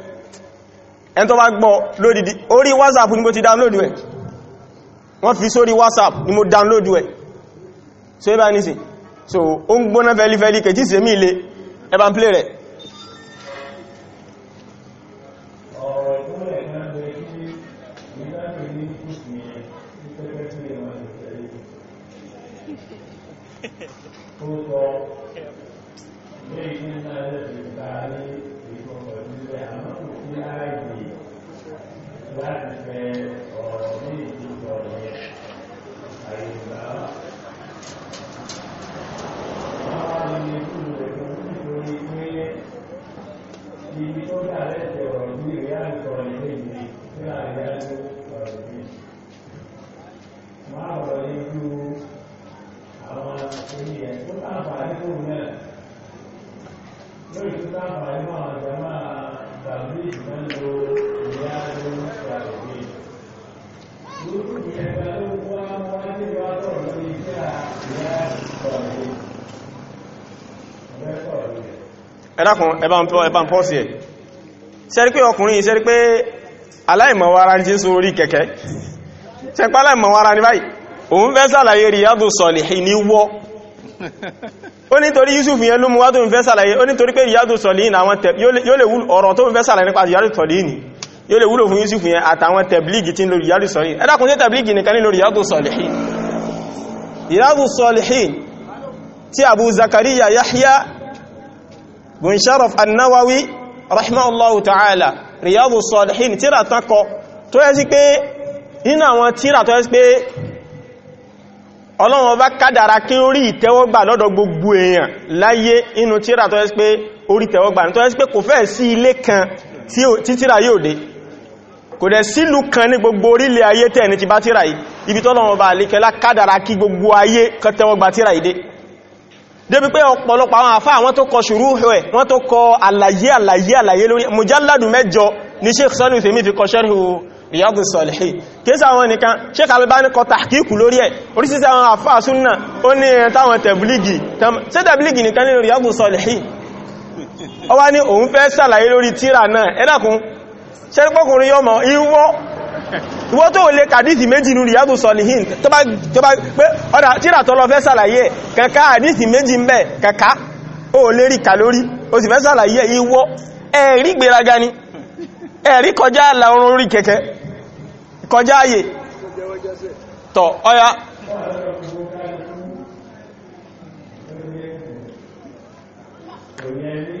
ẹn tó bá gbọ́ lódìdí orí whatsapp ni mo ti download ẹ̀ wọ́n fi sórí whatsapp ni mo download ẹ̀ so ẹbá nìsìn so ó ń gbóná fẹ́lifẹ́lí kẹjí sí èmì ilé ẹbá ń plé rẹ̀ Thank you. pé ọ̀rọ̀ ẹ̀lákùn ẹbá ń ẹ̀ sẹ́rí pé ọkùnrin sẹ́rí pé aláìmọ̀wára jí sún orí kẹ̀kẹ́ sẹ́ pé aláìmọ̀wára ní báyìí òun fẹ́ sàlàyé Riyadu Salihin ní wọ́ ó nítorí Yusuf yẹn ló mú wá fẹ́ sàlàyé ó nítorí pé Riyadu Salihin àwọn tẹ̀ yóò lè wú ọ̀rọ̀ tó fẹ́ sàlàyé nípa yóò lè wúlò fún Yusuf yẹn àtàwọn tẹ̀blígì tí ń lórí yàrù sọ̀rí ẹ̀dàkùn tí tẹ̀blígì nìkan ní lórí yàrù sọ̀lẹ̀hì yàrù sọ̀lẹ̀hì tí Abu Zakariya Yahya bin Sharaf an-Nawawi rahimahullahu ta'ala riyadu sọ̀lẹ̀hì tíra takọ tó yẹ sí pé nínú àwọn tíra tó yẹ sí pé Ọlọ́run bá kádàrá kí orí ìtẹ́wọ́gbà lọ́dọ̀ gbogbo èèyàn láyé inú tíra tó yẹ sí pé orí ìtẹ́wọ́gbà tó yẹ sí pé kò fẹ́ sí ilé kan tí tíra yóò dé kò dẹ̀ sílù kan ní gbogbo orílẹ̀ ayé tẹ́ ní ti bá tíra yìí ibi tọ́lọ́wọ́n bá alékẹ́lá kádàrá kí gbogbo ayé kọtẹ́wọ́ gba tíra yìí dé débi pé ọ̀pọ̀lọpọ̀ àwọn àfá àwọn tó kọ ṣùrú ẹ̀ wọ́n tó kọ àlàyé àlàyé àlàyé lórí mujalladu mẹ́jọ ní Sheikh Salihu Femi fi kọ ṣẹ́rù Riyadus Salihin kéèsà àwọn nìkan Sheikh Albani kọ tàkíkù lórí ó wá ní òun fẹ́ sàlàyé lórí tíra náà ẹ́dàkún ṣẹ́rẹ́pọ̀kùnrin yọmọ ìwọ ìwọ tó lè kàdíìsì méjì nínú Riyadu Solihin tó bá pé ọ̀dà tíra tọ́lọ fẹ́ sàlàyé kẹka àdíìsì méjì ń bẹ kẹka ó lè rí kàlórí ó sì fẹ́ sàlàyé ìwọ ẹ̀rí gbéraga ni ẹ̀rí kọjá àlà orun orí kẹ̀kẹ́ kọjá àyè tọ̀ ọya Yeah.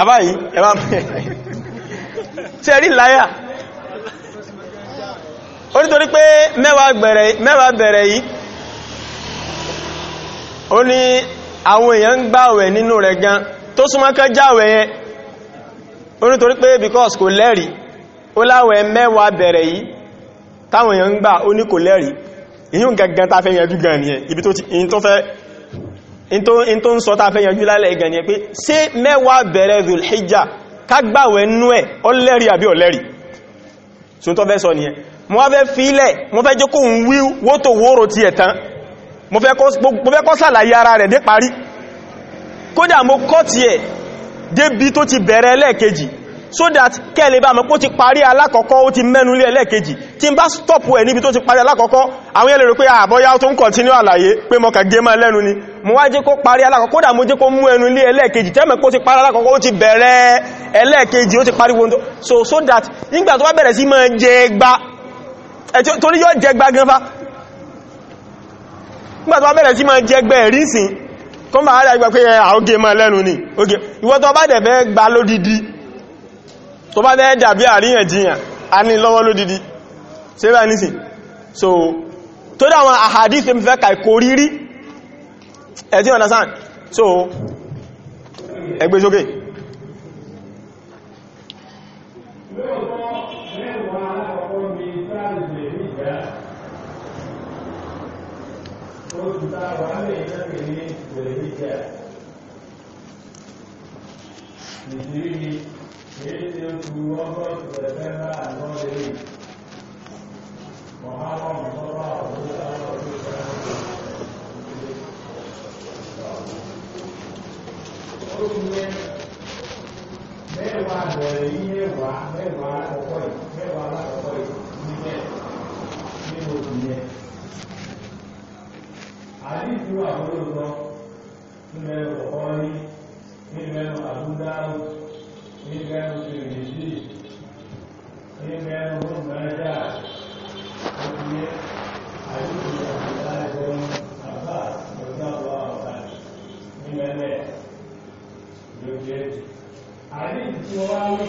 àbáyí ẹwà tẹ́rí láyà ó nítorí pé mẹ́wàá bẹ̀rẹ̀ yìí ó ní àwọn èèyàn ń gbàwẹ̀ nínú rẹ̀ gan tó súnmọ́ kán jáwẹ̀ yẹn ó nítorí pé because kò lẹ́rìí ó láwẹ̀ mẹ́wàá bẹ̀rẹ̀ yìí táwọn èèyàn ń gbà ó ní kò lẹ́rìí ìyún gangan ta fẹ́ yẹn jú gan nìyẹn ibi tó fẹ́ in tó ń sọ tá fẹ́ yanjú lálẹ́ ìgàn yẹn pé ṣé mẹ́wàá bẹ̀rẹ̀ zulhijja kágbàwẹ̀ nú ẹ̀ ọlẹ́rì àbí ọlẹ́rì ṣun tó fẹ́ sọ nìyẹn mo wá fẹ́ fílẹ̀ mo fẹ́ jẹ́ kó ń wí wótò wóró ti ẹ̀ tán mo fẹ́ kọ́ sàlàyé ara rẹ̀ dé parí kódà mo kọ́ tiẹ̀ débi tó ti bẹ̀rẹ̀ ẹlẹ́ẹ̀kejì so that kẹ́lẹ̀ bá mọ̀ pó ti parí alákọ̀ọ́kọ́ ó ti mẹ́nu lé ẹlẹ́ẹ̀kejì tí n bá stop ẹ̀ níbi tó ti parí alákọ̀ọ́kọ́ àwọn yẹ́lẹ̀ rò pé àbọ́yá ah, tó ń continue àlàyé pé mọ́ kà gé mọ́ lẹ́nu ni mo wá jẹ́ kó parí alákọ̀ọ́kọ́ kódà mo jẹ́ kó mú ẹnu lé ẹlẹ́ẹ̀kejì tẹ́mẹ̀ ó ti bẹ̀rẹ̀ ẹlẹ́ẹ̀kejì so that nígbà tó wá bẹ̀rẹ̀ sí máa jẹ gba torí yóò jẹ gba gan fa nígbà tó bá bẹ́ẹ̀ dàbí àríyànjiyàn a ní lọ́wọ́ lódìdí ṣe bá ní sí so tó dáwọn àhàdíth tó fẹ́ kàí kò rírí ẹ̀tí understand so ẹgbẹ́ Thank you. kìí ṣe oṣù ọgọ́jù pẹ̀lẹ́ náà lọ́dẹ yìí mọ̀hálọ́mù Ìgbẹ́nu Tìrìmìtì, Ìgbẹ́nu Mẹ́ta, Ìgbẹ́ Àdúgbò Àbúrá Ìgbẹ́nu Àbá Ìgbẹ́nu Àbá Ọ̀tá ní Mẹ́lẹ̀ ló jẹ́. Àdíjì wá wí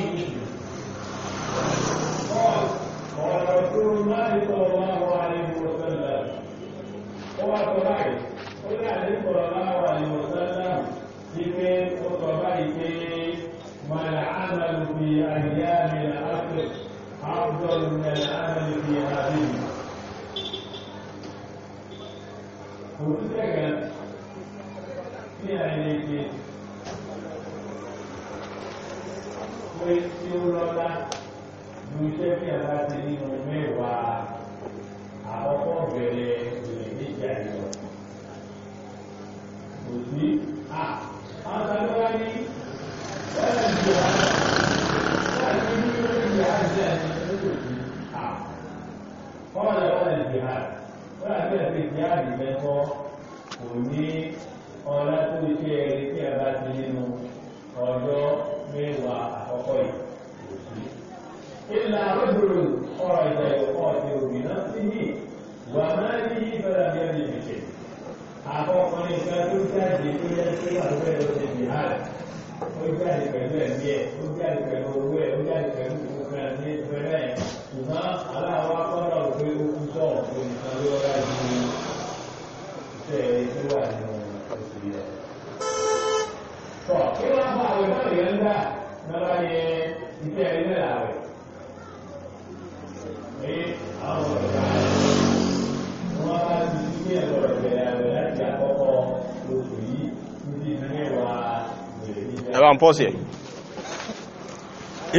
pọ́sì ẹ̀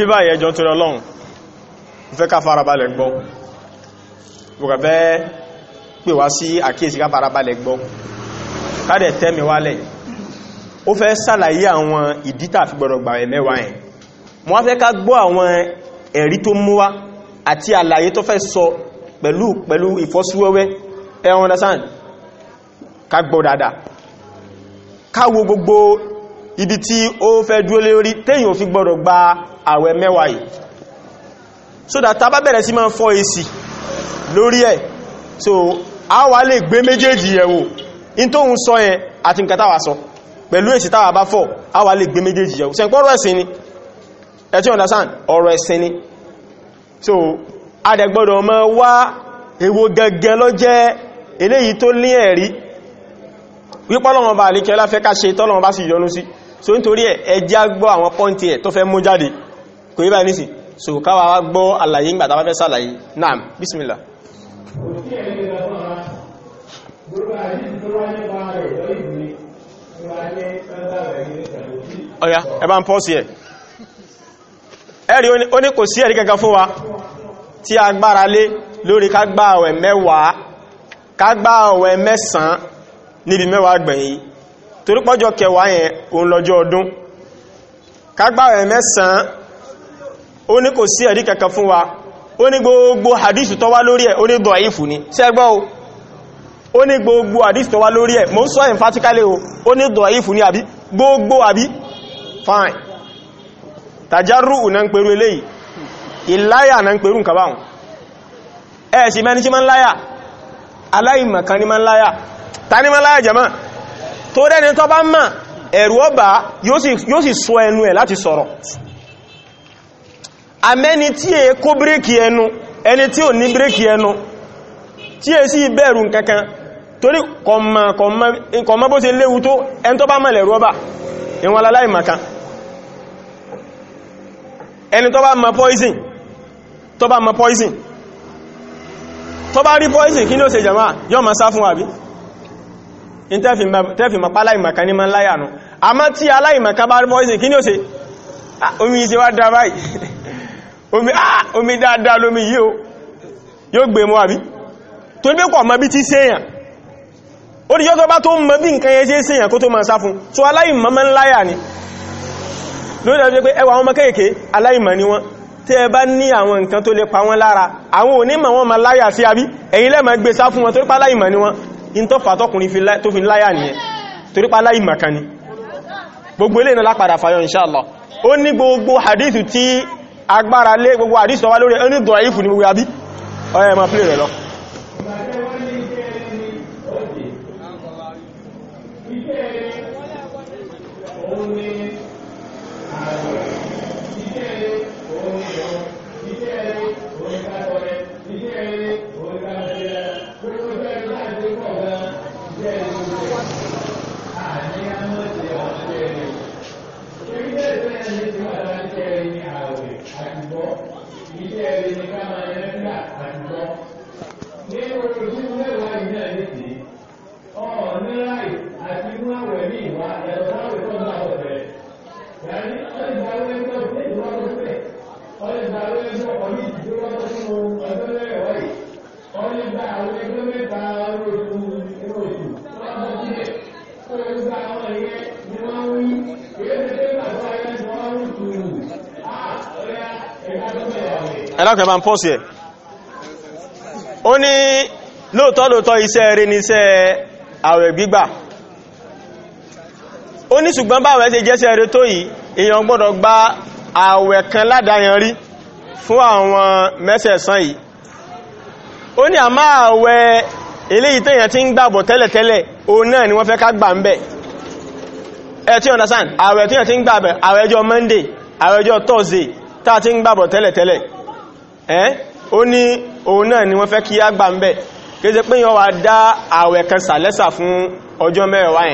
ibá ìyẹjọ́ tó lọ́lọ́run fẹ́ ká farabalẹ̀ gbọ́ bùkà fẹ́ pè wá sí àkíyèsí ká farabalẹ̀ gbọ́ kádẹ̀ tẹ́mi wálẹ̀ ó fẹ́ sàlàyé àwọn ìdítà fi gbọ́dọ̀ gbà ẹ̀ mẹ́wàá ẹ̀ mo fẹ́ ká gbọ́ àwọn ẹ̀rí tó mú wá àti àlàyé tó fẹ́ sọ pẹ̀lú pẹ̀lú ìfọ́síwẹ́wẹ́ ẹ understand ká gbọ́ dáadáa ká wo gbogbo ibi tí ó fẹ́ dúró lórí téyìn ò fi gbọ́dọ̀ gba àwẹ̀ mẹ́wàá yìí so that tá bá bẹ̀rẹ̀ sí máa fọ́ èsì lórí ẹ̀ so a wà lè gbé méjèèjì yẹ̀ wò in tó ń sọ yẹn àti nǹkan táwà sọ pẹ̀lú èsì táwà bá fọ́ a wà lè gbé méjèèjì yẹ̀ understand ọ̀rọ̀ ẹ̀sìn so a dẹ̀ gbọ́dọ̀ máa wá èwo gẹ́gẹ́ ló jẹ́ eléyìí tó ní ẹ̀rí wípọ́lọ́wọ́n bá àlékẹ́lá fẹ́ ká ṣe tọ́lọ́wọ́n bá sì yọnu sí so nítorí ẹ̀ ẹjá gbọ́ àwọn pọ́ǹtì ẹ̀ tó fẹ́ mú jáde kò yí báyìí nísìn so káwa wá gbọ́ àlàyé ńgbà tá bá fẹ́ sàlàyé naam bismillah ọ̀yá ẹ bá ń pọ́ sí ẹ̀ ẹ̀rí ó ní kò sí ẹ̀rí kankan fún wa tí a gbára lé lórí ká gba àwẹ̀ mẹ́wàá ká gba àwẹ̀ mẹ́sàn-án níbi mẹ́wàá gbẹ̀yìn torí pọ́jọ́ kẹwàá yẹn òun lọ́jọ́ ọdún kágbàwẹ̀ mẹ́sàn-án ó ní kò sí ẹ̀rí kankan fún wa ó ní gbogbo hadithu tó wá lórí ẹ̀ ó ní dọ̀ífù ni sẹ́gbọ́ o ó ní gbogbo hadithu tó wá lórí ẹ̀ mo sọ emphatically ó ní dọ̀ífù ni àbí gbogbo àbí fine tajarru na ń pẹ̀rú eléyìí ìláyà na ń pẹ̀rú nǹkan báhùn ẹ̀ sì mẹ́ni tí máa ń láyà aláìmọ̀kan ni máa ń láyà ta ni máa ń láyà jẹ́mọ́ tó rẹ́ni tó bá mọ̀ ẹ̀rù ọba yóò sì sọ ẹnu ẹ̀ láti sọ̀rọ̀ amẹ́ni tí è kó bírékì ẹnu ẹni tí ò ní bírékì ẹnu tí è sí bẹ̀rù kankan torí kọ̀mọ́ bó ṣe léwu tó ẹni tó bá mọ̀ lẹ̀rù ọba ìwọn aláláì màkan ẹni tó bá ma poison tó bá mọ̀ poison tó bá rí poison kí ni ó ṣe jàmáà yọ́ ma sá fún àbí in tẹ́fì mọ̀ pálá ìmọ̀ká ní ma ń láyà nù a má tí aláìmọ̀ká bá rúbọ́ ìsìn kí ní ó ṣe ah, omi ìṣẹ́ wá dá báyìí ah, omi dáadáa lómi yìí o yóò gbé mọ́ àbí tó ní pẹ́kọ̀ mọ́ bí tí séyàn ó di yọ́tọ́ bá tó mọ́ bí nǹkan yẹn ṣe kó tó ni lórí ẹjọ́ pé ẹwà wọn kéèké aláìmọ̀ ni wọ́n tẹ́ ẹ bá ní àwọn nǹkan tó lè pa wọ́n lára àwọn onímọ̀ wọn ma in tó fàtọ́kùnrin tó fi láyà nìyẹn torí pa láì màkà ni gbogbo ilé ìnàlá padà fàyọ inshallah ó ní gbogbo hadithu tí agbára lé gbogbo hadithu tó wá lórí ẹni dọ̀ ẹ̀lákùnrin bá ń pọ́sì ẹ̀ ó ní lóòtọ́ lóòtọ́ iṣẹ́ rere ní iṣẹ́ àwẹ̀ gbígbà ó ní ṣùgbọ́n báwẹ̀ ṣe jẹ́ṣẹ́ rere tó yìí èèyàn gbọ́dọ̀ gba àwẹ̀ kan ládáyan rí fún àwọn mẹ́sẹ̀sán yìí ó ní àmá àwẹ̀ eléyìí tẹ́yàn ti ń gbàbọ̀ tẹ́lẹ̀tẹ́lẹ̀ òun náà ni wọ́n fẹ́ ká gbà ń bẹ̀ ẹ̀ tí understand àwẹ̀ tẹ́yàn ti ń gbàbẹ̀ àwẹ̀jọ́ Monday àwẹ̀jọ́ Thursday tá a ti ń gbàbọ̀ tẹ́lẹ̀tẹ́lẹ̀ ẹ́ ó ní òun náà ni wọ́n fẹ́ kí á gbà ń bẹ̀ kéje pé yọ wà dá àwẹ̀ kan sàlẹ́sà fún ọjọ́ mẹ́wàá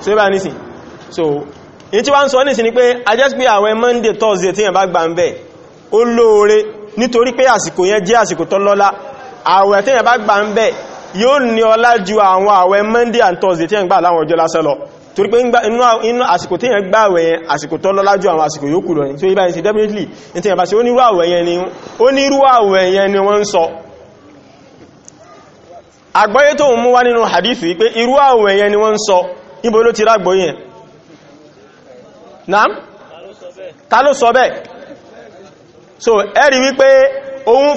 so bá nísìn so ni pé ajẹ́sí pé monday thursday tí yẹn bá gbà ń bẹ̀ ó lóore nítorí pé àsìkò yẹn jẹ́ àsìkò tó lọ́lá àwẹ̀ tí yẹn yóò ní ọlá ju àwọn àwẹ̀ monday and thursday tí yẹn gbà láwọn ọjọ́ lásán lọ torí pé inú àsìkò tí yẹn gbà wẹ̀yẹn àsìkò tó lọ́lájú àwọn àsìkò yòókù lọ ní tí ó yíba ìsìn definitely ní tí yẹn bá sí onírú àwẹ̀yẹn ni wọ́n ń sọ àgbọ́yé tó mú wá nínú ni wọ́n ń sọ ló ti naam so ẹ̀rí wípé òun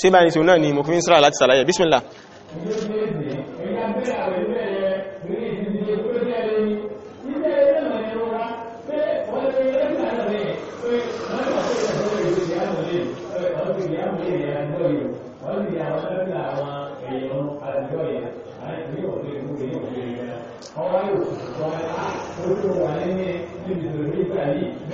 ṣe báyìí tí ó náà ni mo fi ń sára láti sàlàyé bísmìlá Thank you.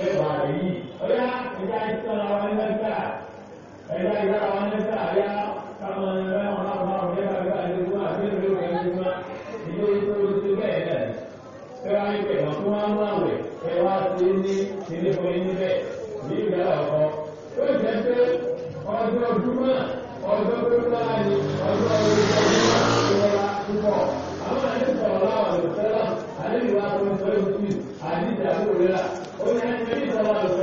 فإذا إذا رأى الناس أعيا كما نبأ الله بها بأهلكما أهلكما أهلكما يقول السبيل سواء كما كما الله سواء سيني سيني فيني بي بلا أخو فجأة ọjọ́ ojúmọ́ ọjọ́ pípẹ́ láàyè ọjọ́ ojúmọ́ ìrọ̀lá púpọ̀ àwọn àdìsọ̀rọ̀ láwọn àlùfẹ́lá àdìsọ̀rọ̀ àlùfẹ́lá àdìsọ̀rọ̀ àlùfẹ́lá ó ní ẹni ìsọ̀rọ̀ àlùfẹ́lá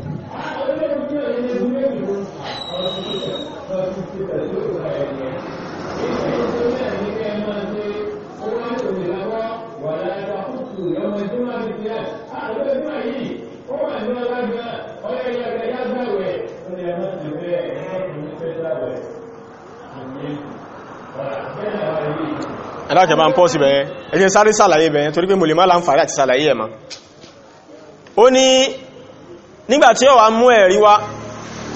ẹ̀lájẹ̀ bá ń pọ́ sí bẹ̀ẹ́ ẹjẹ́ sáré sàlàyé bẹ̀ẹ́ torí pé mo lè má láǹfààrí àti sàlàyé ẹ̀mà ó ní nígbàtí ó wá mú ẹ̀rí wá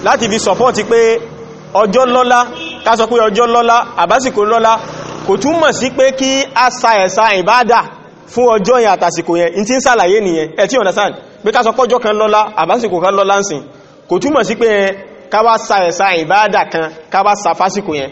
láti fi sọ̀pọ́ọ̀tì pé ọjọ́ lọ́lá ká sọ pé ọjọ́ lọ́lá àbásìkò lọ́lá kò túmọ̀ sí pé kí a sa ẹ̀sà ìbádà fún ọjọ́ yẹn àtàsìkò yẹn in ti ń sàlàyé nìyẹn ẹ̀ tí understand pé ká sọ kan lọ́lá àbásìkò kan lọ́lá ń sìn kò túmọ̀ sí pé ká sa ẹ̀sà ìbádà kan ká sa fásìkò yẹn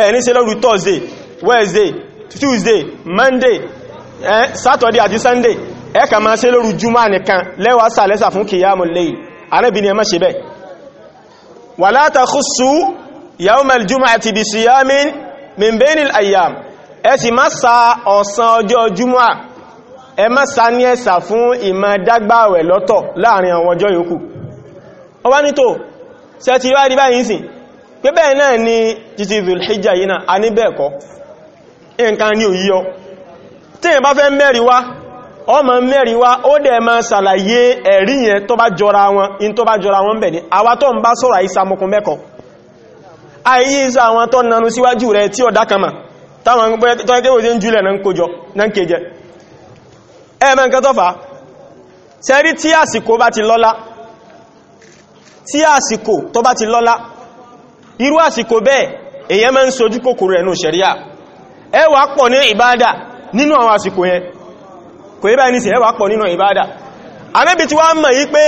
ẹ̀ eh, ní ṣe lóru Thursday Wednesday Tuesday Monday eh, Saturday àti Sunday ẹ kà máa ṣe lóru Juma nìkan lẹ́wà sàlẹ́sà fún kìyàmù lẹ́yìn Ànábì ní ẹ má ṣe bẹ́ẹ̀ wala takhussu yawmal jumu'ati bi siyamin min bainil ayyam ẹ sì má sa ọ̀sán ọjọ́ Juma ẹ má sa ní ẹ̀sà fún ìmọ̀ dágbàwẹ̀ lọ́tọ̀ láàrin àwọn ọjọ́ yòókù ọ wá nítò ṣe ti wá rí báyìí sìn pé bẹ́ẹ̀ náà ni títí zulhijjá yìí náà a ní bẹ́ẹ̀ kọ́ nǹkan ní òyí ọ tí yẹn bá fẹ́ mẹ́rin wá ọmọ mẹ́rin wá ó dẹ̀ ma ṣàlàyé ẹ̀rí yẹn tó bá jọra wọn in tó bá jọra wọn bẹ̀ ní àwa tó ń bá sọ̀rọ̀ àyíṣà mọ́kún tí àsìkò tó bá ti lọ́lá irú àsìkò bẹ́ẹ̀ èyàn máa ń sojú kòkòrò ẹ̀nù ṣẹ̀ríà ẹwà pọ̀ ní ìbádà nínú àwọn àsìkò yẹn kò yí báyìí nìsẹ̀ ẹwà pọ̀ nínú ìbádà àmẹ́bí tí wọ́n mọ̀ yí pé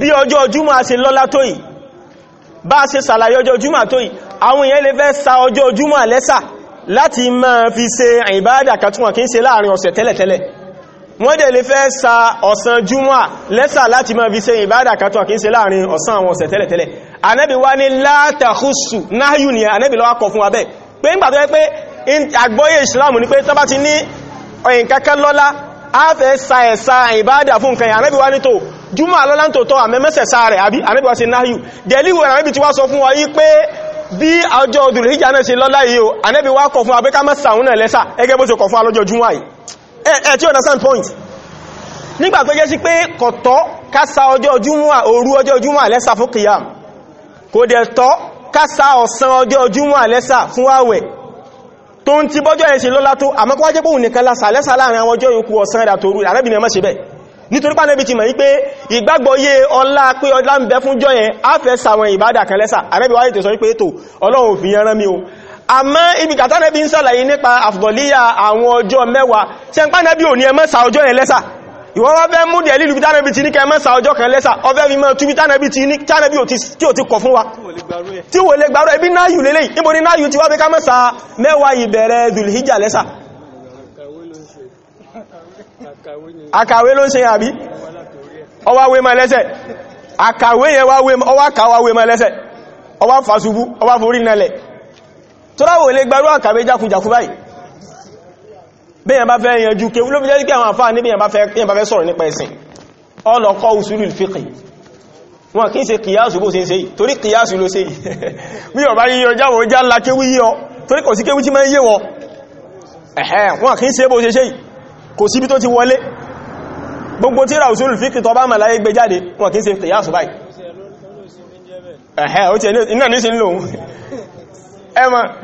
bí ọjọ́ ojúmọ́ a ṣe lọ́lá tó yìí bá a ṣe sàlàyé ọjọ́ ojúmọ́ tó yìí àwọn èèyàn lè fẹ́ sa ọjọ́ ojúmọ́ àlẹ́sà láti máa fi ṣe ìbádà kàtúnwọ̀n kí ń ṣe láàrin ọ̀sẹ̀ tẹ́lẹ̀tẹ́lẹ̀ wọ́n dẹ̀ lè fẹ́ sa ọ̀sán júmọ́ lẹ́sà láti máa fi ṣe ìbádà kàtọ̀ kìí ṣe láàrin ọ̀sán àwọn ọ̀sẹ̀ tẹ́lẹ̀tẹ́lẹ̀ anẹ́bí wá ní látàkùsù náàyù ni anẹ́bí lọ́wọ́ kọ fún wa bẹ́ẹ̀ pé ń gbàtọ́ pé àgbọ́yé ìsìlámù ni pé tọ́bá ti ní ọ̀yìn kankan lọ́lá a fẹ́ sa ẹ̀sà ìbádà fún nǹkan anẹ́bí wá ní tó júmọ́ lọ́lá tó tọ́ àmẹ́mẹ́sẹ̀ sa rẹ̀ àbí anẹ́bí wá sí náàyù dẹ̀lí wo anẹ́bí ti wá sọ fún wa yí pé bí ọjọ́ Dhul Hijjah náà ṣe lọ́lá ẹ̀ eh, tí eh, understand point nígbà tó jẹ́ sí pé kọ̀tọ́ kásá ọjọ́ Jímọ̀ọ́ òru ọjọ́ Jímọ̀ọ́ lẹ́sà fún kìyàm kò dẹ̀ tọ́ kásá ọ̀sán ọjọ́ Jímọ̀ọ́ lẹ́sà fún àwẹ̀ tó ń ti bọ́jọ́ ẹ̀ sí lọ́lá tó àmọ́kọ́ wájẹ́ pòun nìkan lásà lẹ́sà láàrin àwọn ọjọ́ yòókù ọ̀sán ẹ̀dà tó rú àrẹ́bìnrin ẹmọ́ ṣe bẹ́ẹ̀ nítorí pàdé bí ti mọ̀ wípé ìgbàgbọ́ yé ọlá pé ọlá ń àmọ́ ibi kàtàrẹ́ bí ń sàlàyé nípa àfgọ̀líyà àwọn ọjọ́ mẹ́wàá sẹ́ńpá nẹ́bí ò ní ẹmọ́sà ọjọ́ yẹn lẹ́sà ìwọ́n wá fẹ́ mú dẹ̀ lílù tánàbí ti ní kẹ mẹ́sà ọjọ́ kan lẹ́sà ọfẹ́ fi mọ́ túbí tánàbí tí ó ti kọ̀ fún wa tí wò lè gbàrú ẹbí náyù lélẹ̀ ìbò ní náyù ti wá fẹ́ ká mẹ́sà mẹ́wàá ìbẹ̀rẹ̀ dùlhíjà ọwá fàṣubú ọwá forí nalẹ̀ tó ráwò ilé gbarú àkàwé jákùjákù báyìí bíyàn bá fẹ́ yanjú kéwú ló fi jẹ́ kí àwọn àfáà ní bíyàn bá fẹ́ sọ̀rọ̀ nípa ẹ̀sìn ọlọ́kọ́ usulul fiqh wọn kí ń ṣe kìyàsù bó ṣe ń ṣe yìí torí kìyàsù ló ṣe yìí bí ọba yíyọ jáwọ já ńlá kéwú yíyọ torí kò sí kéwú tí máa ń yé wọn ẹ̀hẹ́ wọn kí ń ṣe bó ṣe ṣe yìí kò síbi tó ti wọlé gbogbo tíra usulul fiqh tó bá mà láyé gbé jáde wọn kí ń ṣe kìyàsù báyìí ẹ̀hẹ́ ó ti iná ní sí ń lòun ẹ̀mọ̀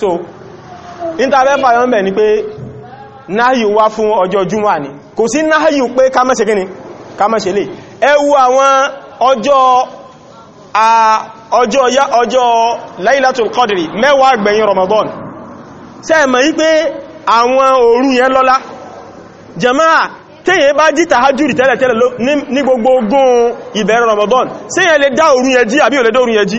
so interview fàyọ́ mẹ́ ni pé náàyù wá fún ọjọ́ júmọ́ ní kò sí pe pé ká má ṣe kíni ká má ṣe lè ẹ wo àwọn ọjọ́ ọjọ́ ya ojo Lailatul Qadri mẹ́wàá gbẹ̀yìn Ramadan sẹ́ẹ̀mọ̀ yí pé àwọn òru yẹn lọ́lá jàmáà téèyàn bá jí tàhájúrì tẹ́lẹ̀tẹ́lẹ̀ ni gbogbo ogún ìbẹ̀rẹ̀ Ramadan séèyàn lè dá òru yẹn jí àbí ò lè dá òru yẹn jí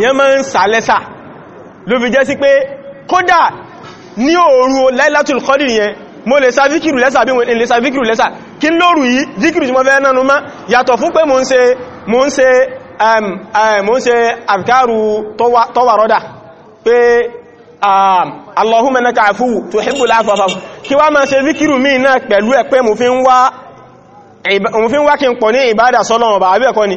ìyẹn máa ń sàlẹ́sà ló fi jẹ́ sí pé kódà ní òru Lailatul Qadr yẹn mo lè sa zikiru lẹ́sà bí mo lè sa zikiru lẹ́sà kí n lóru yìí zikiru tí mo fẹ́ nánu má yàtọ̀ fún pé mo ń ṣe mo ń ṣe mo ń ṣe afkaru tọwàrọ́dà pé Allahumma innaka afuwwun tuhibbul afwa fa'fu kí wá máa ṣe zikiru míì náà pẹ̀lú ẹ̀ pé mo fi ń wá kí n pọ̀ ní ìbádà sọ́lọ́wọ̀n bá àbí ẹ̀kọ́ ni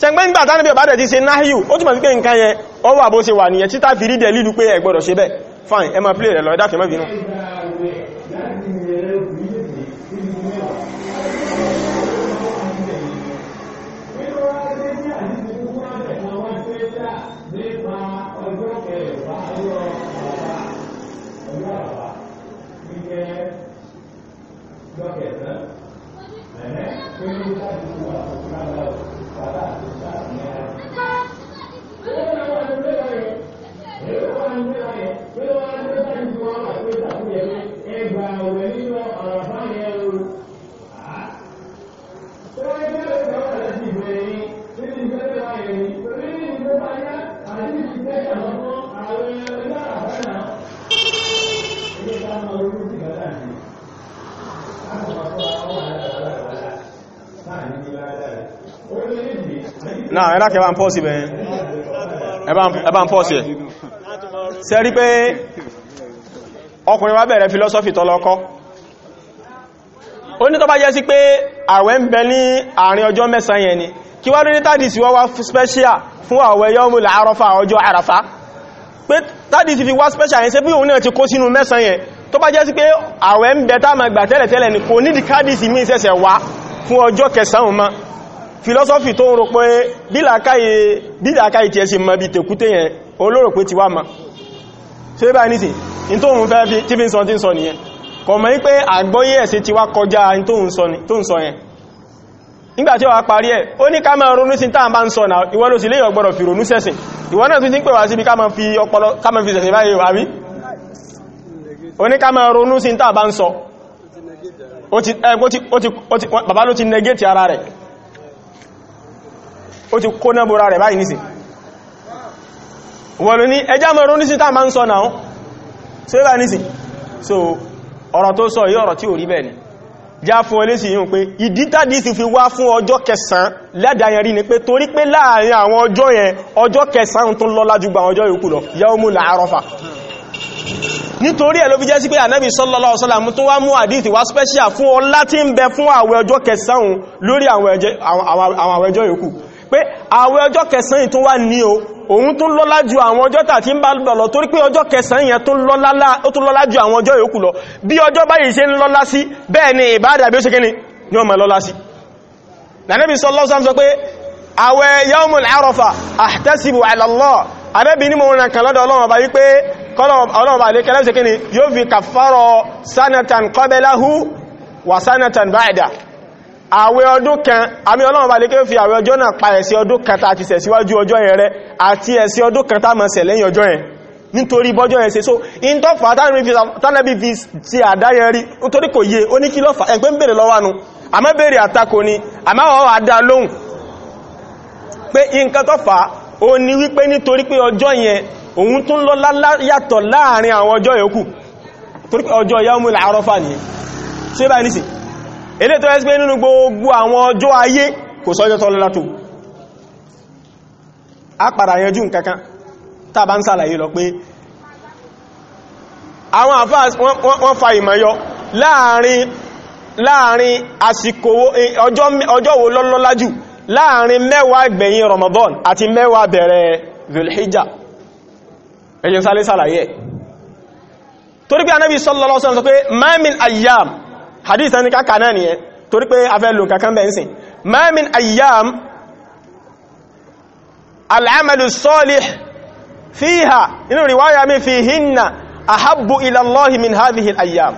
sẹ́gbẹ́ nígbà tánàbí ọ̀bá dẹ̀ ti ṣe náhíù ó túnmọ̀ sí pé nǹkan yẹn ọwọ́ àbóṣe wà nìyẹn títà fi dẹ̀ lílú pé ẹ ṣe bẹ́ẹ̀ fine ẹ máa play rẹ̀ lọ ẹ̀dá kẹmọ́ náà ẹlákẹ́ bá ń pọ́ọ̀sì bẹ̀yẹn ẹbá ń pọ́ọ̀sì ẹ̀ ṣe rí pé ọkùnrin wá bẹ̀rẹ̀ filosofi tọ́lọ́kọ́ ó ní tó bá jẹ́ sí pé àwẹ̀ ń bẹ ní àárín ọjọ́ mẹ́sàn yẹn ni kí wá lórí tádìsí wọ́n wá special fún àwẹ̀ yọ́mùlà àrọ́fà ọjọ́ àràfà pé tádìsí fi special yẹn ṣe bí òun náà ti kó sínú mẹ́sàn yẹn tó bá jẹ́ sí pé àwẹ̀ ń bẹ tá máa gbà tẹ́lẹ̀tẹ́lẹ̀ ni kò nídìí kádìsí filosofi tó ń rò pé bílàkáyì tí ẹ sì mọ̀ bí tèkúté yẹn olóró pé ti wá ma ṣe bá ní sí in tó ń fẹ́ tí fi ń sọ tí ń sọ nìyẹn kọ̀ mọ̀ ní pé àgbọ́yé ẹ̀sẹ̀ ti wá kọjá in tó ń sọ yẹn nígbàtí ó wá parí ẹ̀ ó ní ká máa ronú bá ń sọ náà ìwọ ló sì léyọ̀ gbọ́dọ̀ fi ronú sẹ́sìn ìwọ náà tún ti ń wá síbi ká máa fi ọpọlọ ká fi sẹ̀sìn báyìí wà rí ó ní ká máa ronú bá ń sọ bàbá ló ti negate ara rẹ̀ ó ti kó náà bóra rẹ̀ báyìí nìsìn wọ̀lú ní ẹjá mọ̀ rún nísìn tá ń sọ náà so bá nìsìn so ọ̀rọ̀ tó sọ yí ọ̀rọ̀ tí ò rí bẹ́ẹ̀ ni já fún ẹlẹ́sìn yíò pé ìdítàdì sì fi wá fún ọjọ́ kẹsàn ládàáyàn rí ni pé torí pé láàrin àwọn ọjọ́ yẹn ọjọ́ kẹsàn tó lọ́lá ju gba ọjọ́ yòókù lọ Yaumul Arafa nítorí ẹ̀ ló fi jẹ́ sí pé ànábì sallallahu alaihi wasallam tó wá mú àdíìtì wá special fún ọlá tí ń bẹ fún àwẹ̀ ọjọ́ kẹsàn lórí àwọn ọjọ́ yòókù pé àwẹ̀ ọjọ́ kẹsàn yìí tún wà ní o òun tún lọ́lá ju àwọn ọjọ́ tàti ń bá lọ̀lọ̀ torí pé ọjọ́ kẹsàn yẹn tún lọ́lá ju àwọn ọjọ́ yòókù lọ bí ọjọ́ báyìí ṣe ń lọ́lá sí bẹ́ẹ̀ ni ìbáàdà bí ó ṣe kí ni ni ọmọ lọ́lá àwẹ̀ ọdún kan àmì ọlọ́run bá lè kí ó fi àwẹ̀ ọjọ́ náà pa ẹ̀ṣẹ̀ ọdún kan tàà ti ṣẹ̀ síwájú ọjọ́ yẹn rẹ àti ẹ̀ṣẹ̀ ọdún kan tàà mọ̀ ṣẹ̀ lẹ́yìn ọjọ́ yẹn nítorí bọ́jọ́ yẹn so in tó fà tánàbí fi ti àdáyẹn rí nítorí kò yé ó ní kí lọ́fà ẹgbẹ́ ń bèèrè lọ́wánu àmọ́ bèèrè àtakò ni àmọ́ wọ́n wà dá lóhùn pé nǹkan tó fà ó ní wípé nítorí pé ọjọ́ yẹn òun tún lọ yàtọ̀ láàrin àwọn ọjọ́ yòókù torí pé ọjọ́ yawmul Arafa nìyẹn ṣé báyìí nìsìn ilé tó ẹ́sìgbé nínú gbogbo àwọn ọjọ́ ayé kò sọ́jọ́ tọ́lọ látò a padà yanjú nkankan tàbá ń sàlàyé lọ pé àwọn àfá wọ́n fa ìmọ̀yọ láàrin láàrin àsìkò eh, ọjọ́ wo lọ́lọ́lájù láàrin mẹ́wàá ìgbẹ̀yìn Ramadan àti mẹ́wàá bẹ̀rẹ̀ Zulhijja ẹjọ́ sálé sàlàyé torí pé anábi sallallahu alaihi wasallam sọ pé ma min ayyam hadith ní káka náà nìyẹn torí pé afẹ́ lò kankan bẹ̀ ń sìn ma min ayyam al'amalu salih fiha inú riwaya mi fihinna ahabbu ila Allahi min hadhihi al'ayyam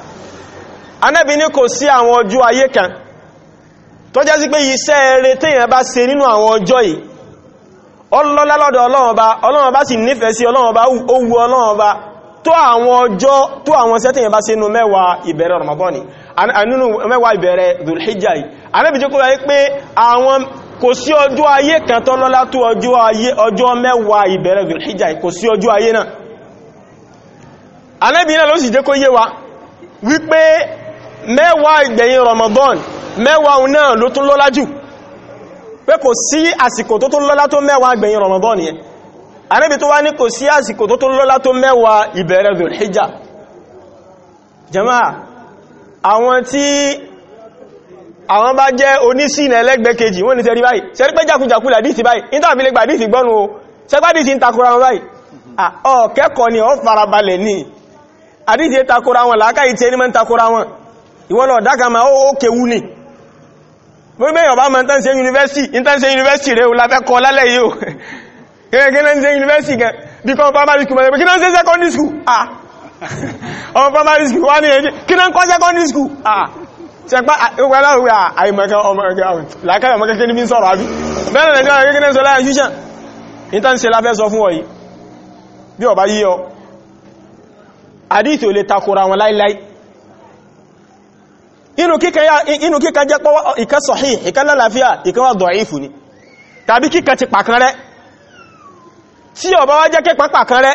Ànábì ní kò sí àwọn ọjọ́ ayé kan tó jẹ́ sí pé iṣẹ́ rere téèyàn bá ṣe nínú àwọn ọjọ́ yìí ọlọ́lá lọ́dọ̀ Ọlọ́run Ọba Ọlọ́run Ọba sì nífẹ̀ẹ́ sí Ọlọ́run Ọba ó wu Ọlọ́run Ọba tó àwọn ọjọ́ tó àwọn iṣẹ́ téèyàn bá ṣe nínú mẹ́wàá ìbẹ̀rẹ̀ Ramadan nínú mẹ́wàá ìbẹ̀rẹ̀ zulhijjá yìí anábì jẹ́ kó ráyé pé àwọn kò sí ọjọ́ ayé kan tó lọ́lá tó ọjọ́ mẹ́wàá ìbẹ̀rẹ̀ zulhijjá yìí kò sí ọjọ́ ayé náà anábì náà ló sì jẹ́ kó yé wa wípé mẹ́wàá ìgbẹ̀yìn ramadan mẹ́wàá náà ló tún lọ́lá jù pé kò sí àsìkò tó tún lọ́lá tó mẹ́wàá ìgbẹ̀yìn ramadan yẹn anábì tó wá ní kò sí àsìkò tó tún lọ́lá tó mẹ́wàá ìbẹ̀rẹ̀ zulhijjá jama'a àwọn tí àwọn bá jẹ́ onísìn ẹlẹ́gbẹ́ kejì wọ́n ní sẹ́rí báyìí sẹ́rí pé jákújákú làdíìsì báyìí ìtàbílẹ̀ gbàdíìsì gbọ́nu o sẹ́gbàdíìsì ń takora wọn báyìí ọ̀kẹ́kọ̀ọ́ ni ọ farabalẹ̀ ní àdíìsì takora wọn làákàyè tí ẹni mọ́ ń takora wọn ìwọ́n lọ dáka ma ó kéwú ní gbogbo èyàn bá ma tán ṣe yunifásitì tán ṣe yunifásitì rẹ̀ olafẹ́ kọ lálẹ́ yìí o kí náà ṣe yunifásitì gan bí kọ́ bá bá bí kí náà ṣe secondary school ah ọmọ primary school wá ní èdè kí náà kọ́ secondary school ah ṣẹpá ìwẹ̀láwẹ̀ àìmọ̀kẹ́ ọmọ ẹgbẹ́ àwọn làákàyà ọmọ kékeré ní sọ̀rọ̀ àbí bẹ́ẹ̀ lẹ́jọ́ kékeré ní sọ̀rọ̀ àyíṣàn ìtàn ṣe láfẹ́ sọ fún ọ̀yí bí ọba yí ọ àdíìtì ò lè takora wọn láíláí inú kíkà jẹ́ pọ́wọ́ ìkẹ́ sọ̀hí ìkẹ́ lálàáfíà ìkẹ́ wà dọ̀ífù ni tàbí kíkà ti pàkan rẹ tí ọba wá jẹ́ kẹ́ pàkan rẹ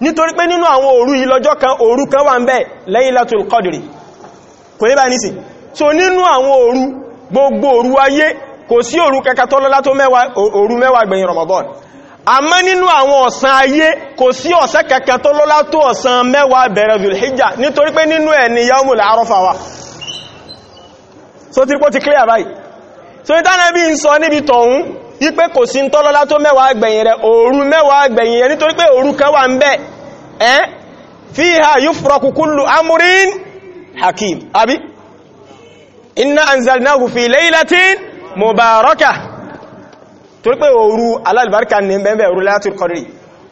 nítorí pé nínú àwọn òru yìí lọ́jọ́ kan òru kan wà ń bẹ Laylatul Qadri kò yé bá ní so nínú àwọn òru gbogbo òru ayé kò sí òru kẹka tó lọ́lá tó mẹ́wàá òru mẹ́wàá gbẹ̀yìn Ramadan àmọ́ nínú àwọn ọ̀sán ayé kò sí ọ̀sán kẹka tó lọ́lá tó ọ̀sán mẹ́wàá bẹ̀rẹ̀ Zulhijja nítorí pé nínú ẹ̀ ni Yawmul Arafa wà so tí kò so ìtànà bí ń sọ níbi wípé kò sí tọ́lọ́lá tó mẹ́wàá gbẹ̀yìn rẹ̀ òru mẹ́wàá gbẹ̀yìn rẹ̀ nítorí pé òru kan wà ń bẹ ẹ́n fiha yufraku kullu amrin hakim àbí inna anzalnahu fi laylatin mubarakah torí pé òru alálùbáríkà ní bẹ́ẹ̀ òru Lailatul Qadri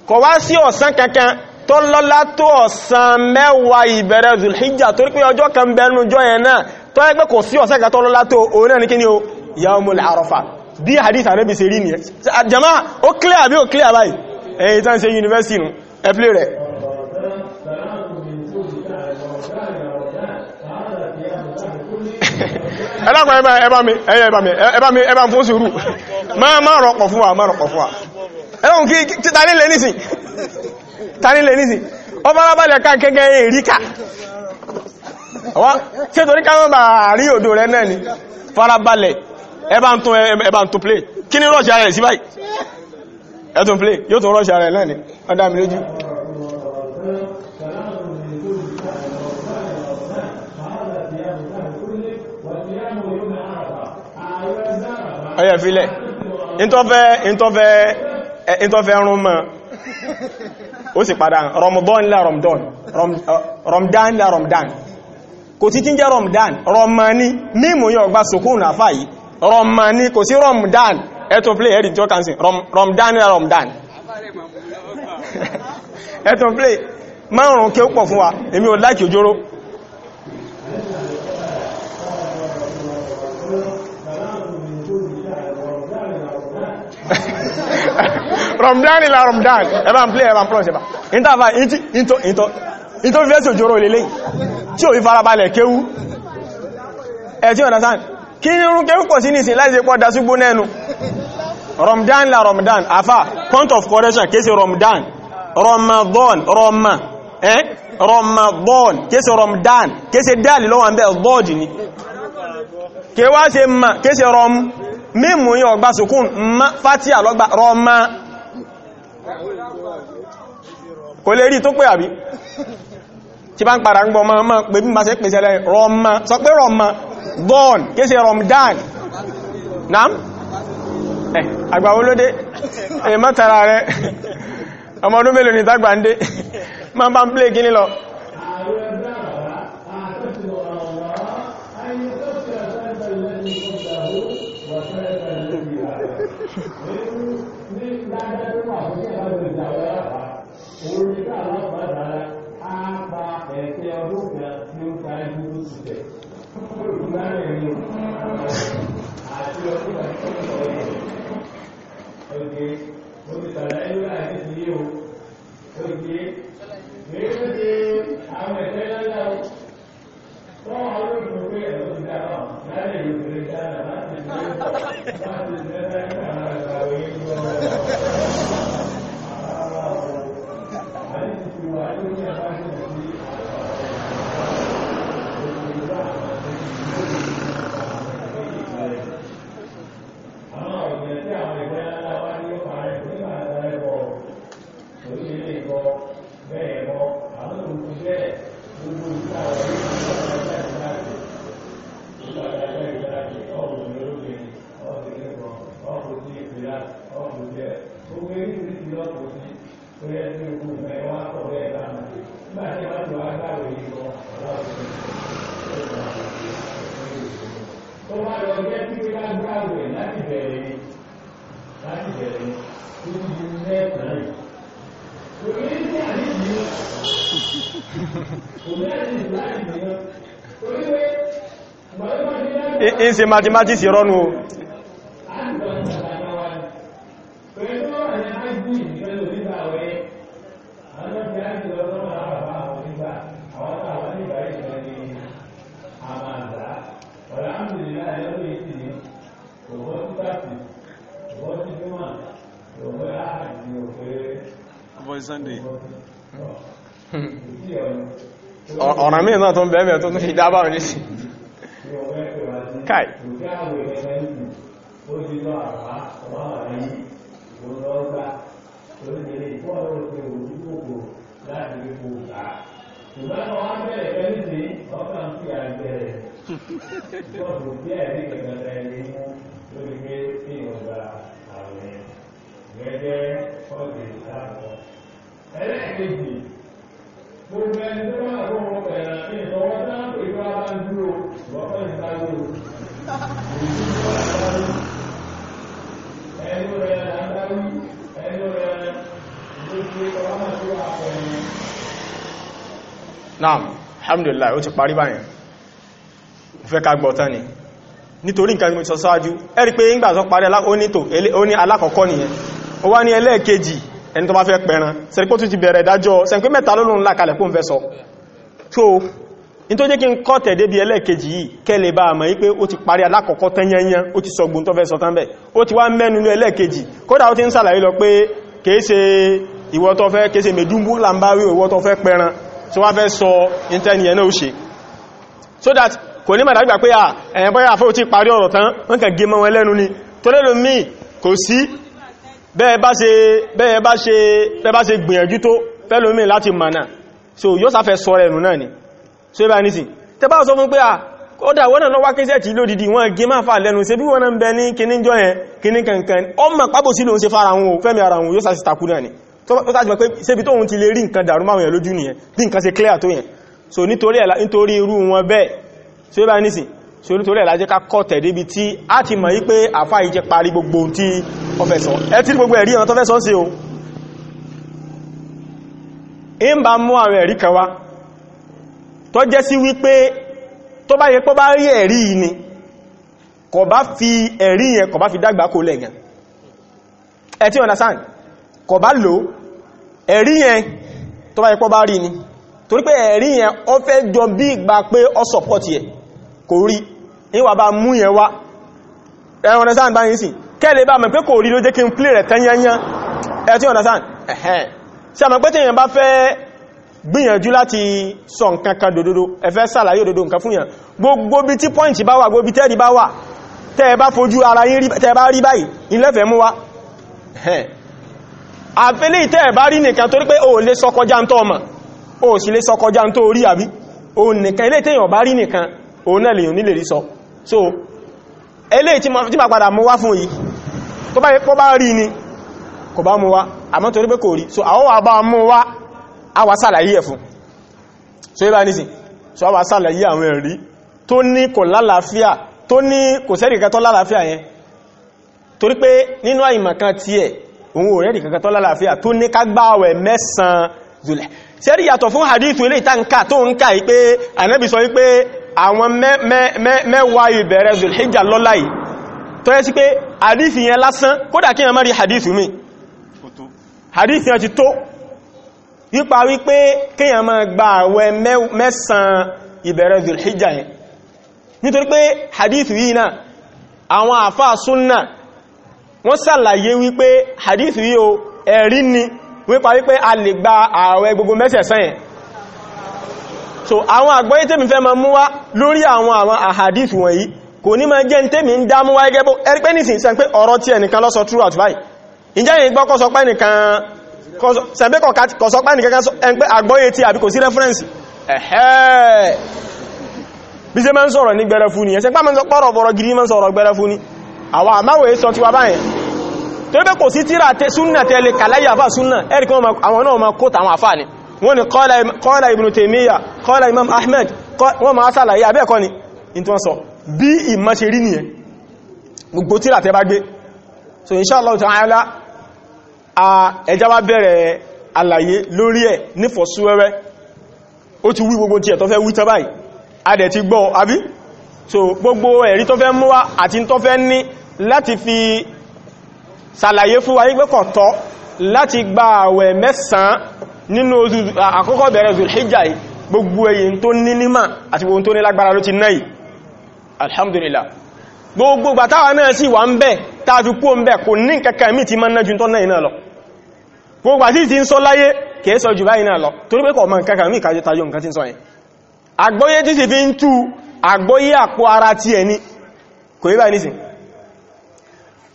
kò wá sí ọ̀sán kankan tọ́lọ́lá tó ọ̀sán mẹ́wàá ìbẹ̀rẹ̀ Zulhijjah torí pé ọjọ́ kan bẹ̀rẹ̀ bí hadith Ànábì ṣe rí nìyẹn ah, jama ó clear bí ó clear báyìí ẹ̀yìn tán ṣe university nù ẹ̀plẹ̀ rẹ̀ ẹ̀lápàá ẹbá mi ẹbá mi ẹbá mi ẹbá fún sùúrù máa rọ̀pọ̀ fún wa máa rọ̀pọ̀ fún wa ẹ̀rùn kí tanílẹ̀ nísìn tanílẹ̀ nísìn ọ bá rábàlẹ̀ ká kẹ́gẹ́ èríkà wọ́n tí torí ká mọ́ bà rí òdò rẹ̀ náà ni farabalẹ̀ ẹbá ń tún ẹbá ń tún play kí ní rọ́ṣà rẹ̀ sí báyìí ẹtún play yóò tún rọ́ṣà rẹ̀ lẹ́ni ọdá mi lójú ọyẹ̀ fílẹ̀ ìntọ́fẹ́ ẹrùn mọ́ ó sì padà rọmọdán ńlá rọmọdán rọmọdán ńlá rọmọdán kò tí kí ń jẹ́ rọmọdán rọmọ ní mímú yọ ọgbá sokún àfáà yìí rọmani kò sí rọmdan ẹ̀tọ́ play ẹ̀rì tí ó kàn sí rọmdan ní rọmdan ẹ̀tọ́ play márùn-ún kí ó pọ̀ fún wa èmi ò láìkì òjòrò rọmdan ní rọmdan ẹ̀bá ń play ẹ̀bá ń plọ́ ṣẹba ìntàfà ìntò fífẹ́sì òjòrò lélẹ́yìn tí ò fi farabalẹ̀ kéwú ẹ̀ tí ọ̀nà sáà kí ní orúkẹ rúkọ̀ sí nìsìn láìsí pọ́ dá súgbó nẹ́nu Ramadan la Ramadan afá point of correction kéèsì Ramadan Ramadan Roma eh Ramadan kéèsì Ramadan kéèsì dáàlì lọ́wọ́ bẹ́ ọ̀dọ́ọ̀dì ni kéwàá se ma kéèsì Rom mímú yí ọgbà sùkún ma fatia lọ́gbà Roma kò lè rí tó pé àbí tí bá ń padà ń gbọ́ ma pè bí ma ṣe pèsè lẹ́yìn Roma sọ pé Roma born kese ramadan naam eh agba olode e eh, matara re omo odun melo ni tagba nde ma ba n play kini lo in ṣe mathematics rọ́nu o Boy Sunday ọ̀ràn mìíràn tó ń bẹ̀ẹ̀bẹ̀ tó ń fi dábàrún nísìn Okay naam alhamdulillah ó ti parí báyìí fẹ́ ká gbọ́ tán ni nítorí nǹkan tí mo sọ sáájú ẹ rí pé ńgbà tó parí ó ní alákọ̀ọ́kọ́ nìyẹn ó wá ní ẹlẹ́ẹ̀kejì ẹni tó bá fẹ́ pẹran sẹ́rípò tún ti bẹ̀rẹ̀ ìdájọ́ sẹ́rípò mẹ́ta ló lóun lákalẹ̀ fún fẹ́ sọ tó ní n kọ́ tẹ̀dé bí ẹlẹ́ẹ̀kejì yìí kẹ́lẹ̀ bá àmà wípé tí wọ́n fẹ́ sọ intanẹ̀ náà ṣe so that kò ní màdàgbà pé à ẹ̀yẹn bọ́yá àfẹ́ òtí parí ọ̀rọ̀ tán wọ́n kàn gé mọ́ wọn lẹ́nu ni tó lẹ́nu mí kò sí bẹ́ẹ̀ bá ṣe gbìyànjú tó fẹ́lú mí láti mànà so yóò sáfẹ́ sọ rẹ̀ náà ni so ibà nísìn tẹ bá sọ fún pé à kódà wọ́n náà lọ́wọ́ kéṣẹ́ tí lódìdí wọ́n gé máa fà lẹ́nu ṣe bí wọ́n náà ń bẹ ní kíní yẹn kíní kankan ọmọ pápò sí lóun ṣe fara wọn ò fẹ́mi ara wọn yóò sá sí takú náà ni tó tàbí pé sébi tóhun ti lè rí nǹkan dàrú máwọn èèyàn lójú nìyẹn so nítorí ẹ̀lá nítorí irú wọn bẹ́ẹ̀ so ibá nísì so nítorí ẹ̀lá jẹ́ ká kọ́ tẹ̀dé bí tí a ti mọ̀ wípé àfá yìí jẹ́ parí gbogbo ohun tí ó fẹ́ sọ ẹ tí gbogbo ẹ̀rí ọ̀nà tó fẹ́ sọ sí o ń bá mú àwọn ẹ̀rí kan wá tó jẹ́ sí wípé tó bá yẹ pọ́ bá rí ẹ̀rí ni kò bá fi ẹ̀rí yẹn kò bá fi dágbà kó lẹ̀ kọ̀ bá lò ẹ̀rí yẹn tó bá ipọ́ bá rí ni torí pé ẹ̀rí yẹn ọ fẹ́ jọ bí ìgbà pé ọ sọ̀pọ̀tì ẹ̀ kò rí ìwà bá mú yẹn wá ẹ̀rọ understand bá yìí sì kẹ́lẹ̀ bá mẹ́ pé kò rí ló jẹ́ kí n plé rẹ̀ tẹ́yẹnyán ẹ̀ tí understand ẹ̀hẹ́n sí àmọ́ pé tẹ́yẹn bá fẹ́ gbìyànjú láti sọ nǹkan kan dòdòdó ẹ fẹ́ sàlàyé òdòdó nǹkan fún yàn gbogbo bí tí pọ́ìntì àfẹ́lẹ́ ìtẹ́ ẹ̀bá rí nìkan torí pé o lè sọ kọjá tó ọmọ o sì lè sọ kọjá tó rí àbí o nìkan ilé tẹ́yàn bá rí nìkan o náà lèyàn nílè rí sọ so ẹlẹ́ tí ma padà mú wá fún yìí tó bá pọ́ bá rí ni kò bá mú wá àmọ́ torí pé kò rí so àwọn wà bá mú wá a wà sàlàyé ẹ̀ fún so ibá ní sí so a wà sàlàyé àwọn ẹ̀rí tó ní kò lálàáfíà tó ní kò sẹ́rìkẹ́ tó lálàáfíà yẹn torí pé nínú àìmọ̀kan tiẹ̀ òun ò rẹ́rì kankan tó lálàáfíà tó ní ká gbáwẹ̀ mẹ́sàn zulẹ̀ sẹ́rí yàtọ̀ fún hadith ilé ìtànkà tó ń ká ipé ànábì sọ wípé àwọn mẹ́wàá ìbẹ̀rẹ̀ zulhijjá lọ́lá yìí tó yẹ sí pé hadith yẹn lásán kódà kí ẹmọ́ rí hadith mi hadith yẹn ti tó yípa wípé kíyàn máa gba àwẹ̀ mẹ́sàn ìbẹ̀rẹ̀ zulhijjá yẹn nítorí pé hadith yìí náà àwọn àfáà súnnà wọ́n sàlàyé wípé hadith yìí o ẹ̀rí ni wípa wípé a lè gba ààwẹ̀ gbogbo mẹ́sẹ̀sán yẹn so àwọn àgbọ́yé tèmi fẹ́ ma mú wá lórí àwọn àwọn àhadith wọ̀nyí kò ní ma jẹ́ tèmi ń dá mú wá gẹ́gbó ẹ̀rí pé nìsìn sẹ́ pé ọ̀rọ̀ tí ẹnìkan lọ́sọ throughout báyìí ìjẹ́ yìí gbọ́ reference ẹ̀hẹ́ bí ṣe ni ẹ̀sẹ̀ pá máa ń sọ pọ̀rọ̀ àwọn àmáwẹ̀ sọ ti wà báyìí tó bẹ́ kò sí tíra tẹ súnnà tẹ́lẹ̀ kàláyà àfà súnnà ẹ̀rì kan àwọn náà ma kó tàwọn àfà ni wọ́n ni kọ́lá ibn Taymiyyah kọ́lá Imam Ahmed wọ́n ma sàlàyé abẹ́ẹ̀kọ́ ni in tí wọ́n sọ bí ìmọ̀ ṣe rí nìyẹn gbogbo tíra tẹ bá gbé so inshallah ta'ala ẹjá wá bẹ̀rẹ̀ àlàyé lórí ẹ̀ nífọ̀súwẹ́rẹ́ ó ti wí gbogbo tí so gbogbo ẹ̀rí tó fẹ́ mú wá àti tó fẹ́ ní láti fi sàlàyé fún wa yí pé kọ̀tọ́ láti gba àwẹ̀ mẹ́sàn nínú àkọ́kọ́ bẹ̀rẹ̀ zulhijjá yìí gbogbo èyí tó ní nímà àti gbogbo tó ní lágbára ló ti náì alhamdulillah gbogbo gbàtàwà náà sì wà ń bẹ̀ tààjú kó ń bẹ̀ kò ní kẹkẹ mí ti máa nájú tó náà iná lọ gbogbo àti ti ń sọ láyé kìí sọ jù báyìí náà lọ torí pé kọ̀ mọ̀ kẹkẹ mí kàjú tàjú nǹkan ti sọ yẹn àgbọ́yé tí sì fi ń tú àgbọ́yé àpò ara ti ẹni kò yí báyìí nísìn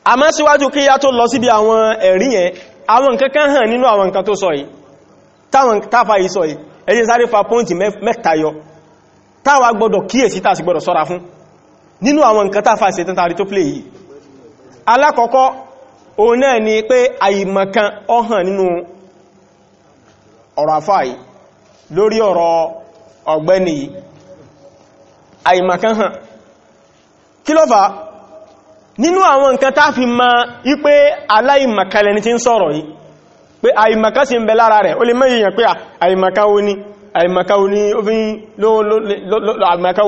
a má síwájú kí yá tó lọ síbi àwọn ẹ̀rí yẹn àwọn nǹkan kan hàn nínú àwọn nǹkan tó sọ yìí táwọn táfà yìí sọ yìí ẹ sáré fa pọ́ǹtì mẹ́ta yọ táwa gbọ́dọ̀ kíyèsí tá sì gbọ́dọ̀ sọ́ra fún nínú àwọn nǹkan táfà sí tán tàrí tó plé ni pé àìmọ̀kan ó hàn nínú ọ̀rọ̀ àfà yìí lórí ọ̀rọ̀ ọ̀gbẹ́ni yìí àìmọ̀kan kí ló nínú àwọn nǹkan tá fi ma ipé aláìmàkalẹ̀ ní tí ń sọ̀rọ̀ yìí pé àìmàká sí ń bẹ lára rẹ̀ ó lè mẹ́yìyàn pé àìmàká wo ni àìmàká wo ni ó fi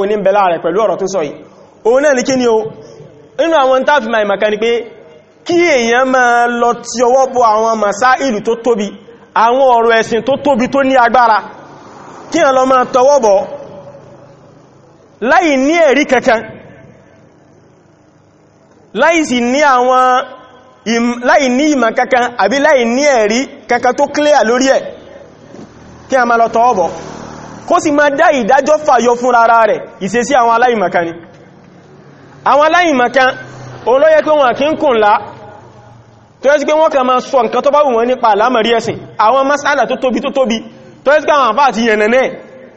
ni ń bẹ lára rẹ̀ pẹ̀lú ọ̀rọ̀ tó sọ yìí òun náà ní kí ni o nínú àwọn tá fi ma àìmàká ni pé kí èèyàn máa lọ ti ọwọ́ bọ àwọn màsá ìlú tó tóbi àwọn ọ̀rọ̀ láìsí ní àwọn láì ní ìmọ̀ kankan àbí láì ní ẹ̀rí kankan tó clear lórí ẹ̀ kí a máa lọ tọ́ọ̀bọ̀ kó sì máa dá ìdájọ́ fàyọ fún rárá rẹ̀ ìṣesí àwọn aláìmọ̀kan ni àwọn aláìmọ̀kan olóyẹ pé wọn kí ń kùn lá tó yẹ́ sí pé wọ́n kàn máa sọ nǹkan tó bá wù wọ́n nípa àlámọ̀rí ẹ̀sìn àwọn masala tó tóbi tó tóbi tó yẹ́ sí pé àwọn àfáà ti yẹ̀nẹ̀nẹ́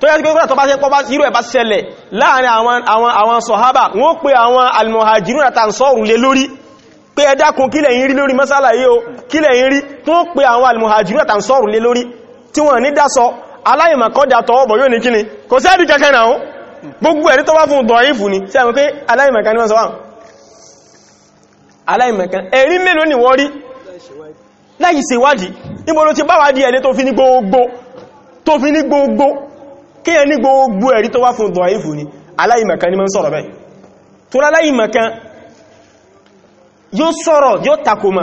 tó yẹ́ sí pé tó bá ṣe pọ́ bá sírò ẹ̀bá ṣẹlẹ̀ láàrin àwọn sọ̀hábà wọ́n pè àwọn almuhajirun àtànsọ́rù lé lórí pé ẹ kílẹ̀ yìí rí lórí masala yìí o kílẹ̀ yìí rí tó pè àwọn almuhajirun àtànsọ́rù lé lórí tí wọ́n ní dásọ aláìmọ̀kọ́dà tọwọ́ bọ̀ yóò ní kíni kò sẹ́ẹ̀dì kankan náà gbogbo ẹ̀rí tó wá fún dọ̀ífù ni sẹ́wọ̀n pé aláìmọ̀kan ni wọ́n sọ wọ́n aláìmọ̀kan ẹ̀rí mélòó ni wọ́n rí láì ṣèwádìí níbo báwádìí ẹni tó fi ní gbogbo tó fi ní gbogbo kí ẹ ní gbogbo ẹ̀rí tó wá fún dọ̀ífù ni aláìmọ̀kan ni mọ́ sọ̀rọ̀ bẹ́ẹ̀ tó láláìmọ̀kan yóò sọ̀rọ̀ yóò takoma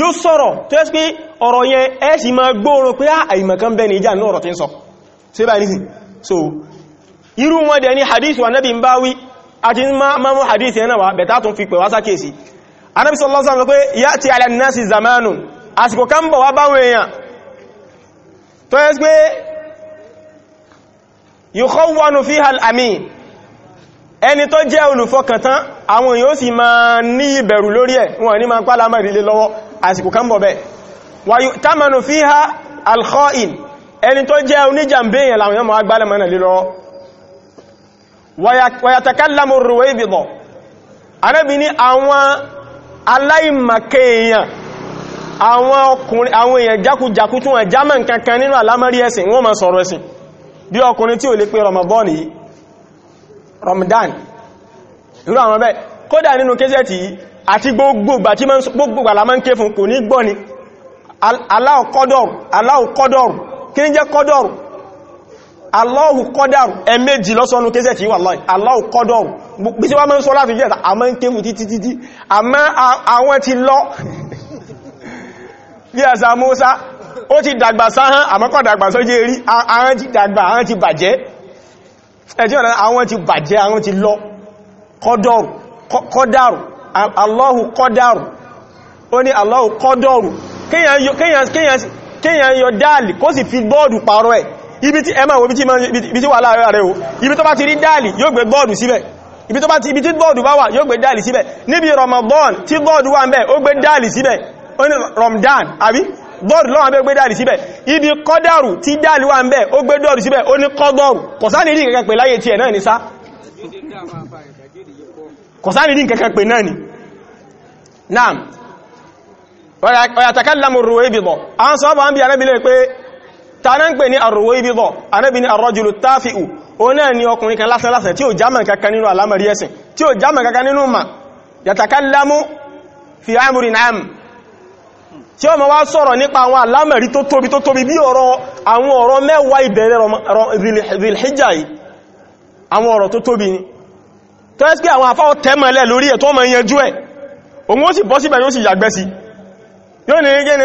yóò sọ̀rọ̀ tó ẹ́sì pé ọ̀rọ̀ yẹn ẹ́ sì máa gbóòrò pé ah, àìmọ̀kan bẹ́ẹ̀ ni ìjà ní ọ̀rọ̀ tí ń sọ irú wọn dẹ̀ ní hadith wa nabi ń bá wí àti máa mú hadith yẹn náà wá bẹ̀tá tún fi pẹ̀ wá sákèsí anábi sallallahu alaihi wasallam pé ya'ti ala nnasi zamanu àsìkò kan bọ̀ wá báwọn èèyàn tó ẹ́sì pé yukhawwanu fiha al-amin ẹni tó jẹ́ olùfọkàntán àwọn èèyàn sì máa ní ìbẹ̀rù lórí ẹ̀ wọ́n ní máa pàlá mẹ́rin lé lọ́wọ́ àsìkò kan bọ̀ bẹ́ẹ̀ wa yu'tamanu fiha al-kha'in ẹni tó jẹ́ oníjàmbéyàn làwọn èèyàn máa gbálẹ̀ mẹ́rin lé lọ́wọ́ wa yatakallamu ar-ruwaybida arábìnrin àwọn aláìmàkèèyàn àwọn ọkùnrin àwọn èèyàn jákújákú tún wọn jámọ̀ nǹkan nínú àlámọ́rí ẹ̀sìn wọ́n máa sọ̀rọ̀ ẹ̀sìn bí ọkùnrin tí ò lè pé Ramadan yìí Ramadan irú àwọn bẹ́ẹ̀ kódà nínú kéṣẹ́tì àti gbogbogbà tí gbogbogbà la máa ń ké fún kò ní gbọ́ ni Allahu Qadar Allahu Qadar kí ní jẹ́ Qadar Allahu Qadar ẹ̀mẹ́jì lọ́sọ́nú kéṣẹ́tì wallahi Allahu Qadar bí tí wọ́n máa ń sọ láti jẹ́ a máa ń ké fún títí ó ti dàgbà sáhán àmọ́kọ̀ dàgbà sójé rí àwọn ti dàgbà àwọn ti bàjẹ́ ẹ̀tí ọ̀nà àwọn ti bàjẹ́ àwọn ti lọ kọ́dọ̀rù kọ́dàrù Allahu kọ́dàrù ó ní Allahu kọ́dọ̀rù kíyàn yọ dáàlì kó sì fi bọ́ọ̀dù pààrọ̀ ẹ̀ ibi tí ẹmà wo ibi tí wà láàrin rẹ̀ Ramadan àbí dọ́ọ̀rù lọ́wọ́ bẹ́ gbé dáàrì síbẹ̀ ibi kọ́dàrù tí dáàrì wà ń bẹ́ ó gbé dọ́ọ̀rù síbẹ̀ ó ní kọ́dọ̀rù kọ̀sánì rí kẹ́kẹ́ pè láyé tí ẹ̀ náà ní sá kọ̀sánì rí kẹ́kẹ́ pè náà ní naam ọ̀yàtàkàlàmù rúwé ibìbọ̀ àwọn sọ́bọ̀ ń bí anábìlẹ̀ pé tàná ń pè ní àrùwé ibìbọ̀ anábìlẹ̀ àrọ́jùlù táfíù ó náà ni ọkùnrin kan fi àmùrin àmù tí ó ma wá sọ̀rọ̀ nípa àwọn alámẹ̀rí tó tóbi tó tóbi bí ọ̀rọ̀ àwọn ọ̀rọ̀ mẹ́wàá ìbẹ̀rẹ̀ Dhul-Hijjah yìí àwọn ọ̀rọ̀ tó tóbi ni tó ẹ́sì pé àwọn afáwọ́ tẹ́mọ̀lẹ̀ lórí ẹ̀ tó ma yanjú ẹ̀ òun ó sì bọ́ síbẹ̀ yóò sì yàgbẹ́ sí yóò ní gẹ́ni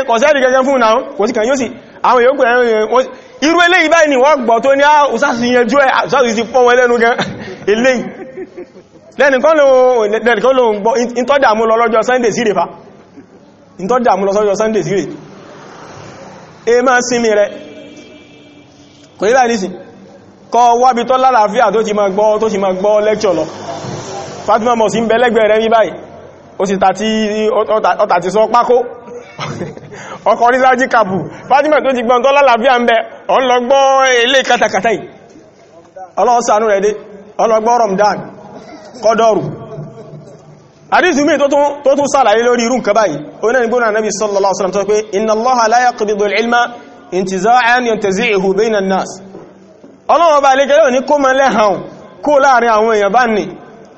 ni wọ́n gbọ́ tó ní àùsásì ah, yanjú ẹ̀ àùsásì ah, ti pọ́n wọn lẹ́nu gan ilé lẹ́nìkan lóhun gbọ́ ìtọ́dàmú lọ lọ́jọ́ Sunday sí ní tó dàmú lọ sọ́jọ́ sunday sí rẹ̀ e máa sinmi rẹ̀ kò ní láìníṣì kọ wábi tó lálàáfíà tó ti máa gbọ́ tó ti máa gbọ́ lecture lọ Fatima mọ̀ sí ń bẹ́lẹ́gbẹ̀ rẹ̀ ní báyìí ó sì tàti sọ pákó ọkọ̀ rísájí Fatima tó ti gbọ́n tó lálàáfíà ń bẹ ọ̀n lọ gbọ́ ilé katakata yìí ọlọ́ọ̀sánú rẹ̀ àdísù mí tó tún sàlàyé lórí irú nǹkan báyìí oní ẹnigbónà nabi sallallahu alaihi wasallam tó pé inna allaha la yaqbidu al-ilma intiza'an yantazi'uhu bayna an-nas ọlọ́wọ́ bá lè gẹ́lẹ́ òní kó mọ́ lẹ́hàn kó láàrin àwọn èèyàn bá ní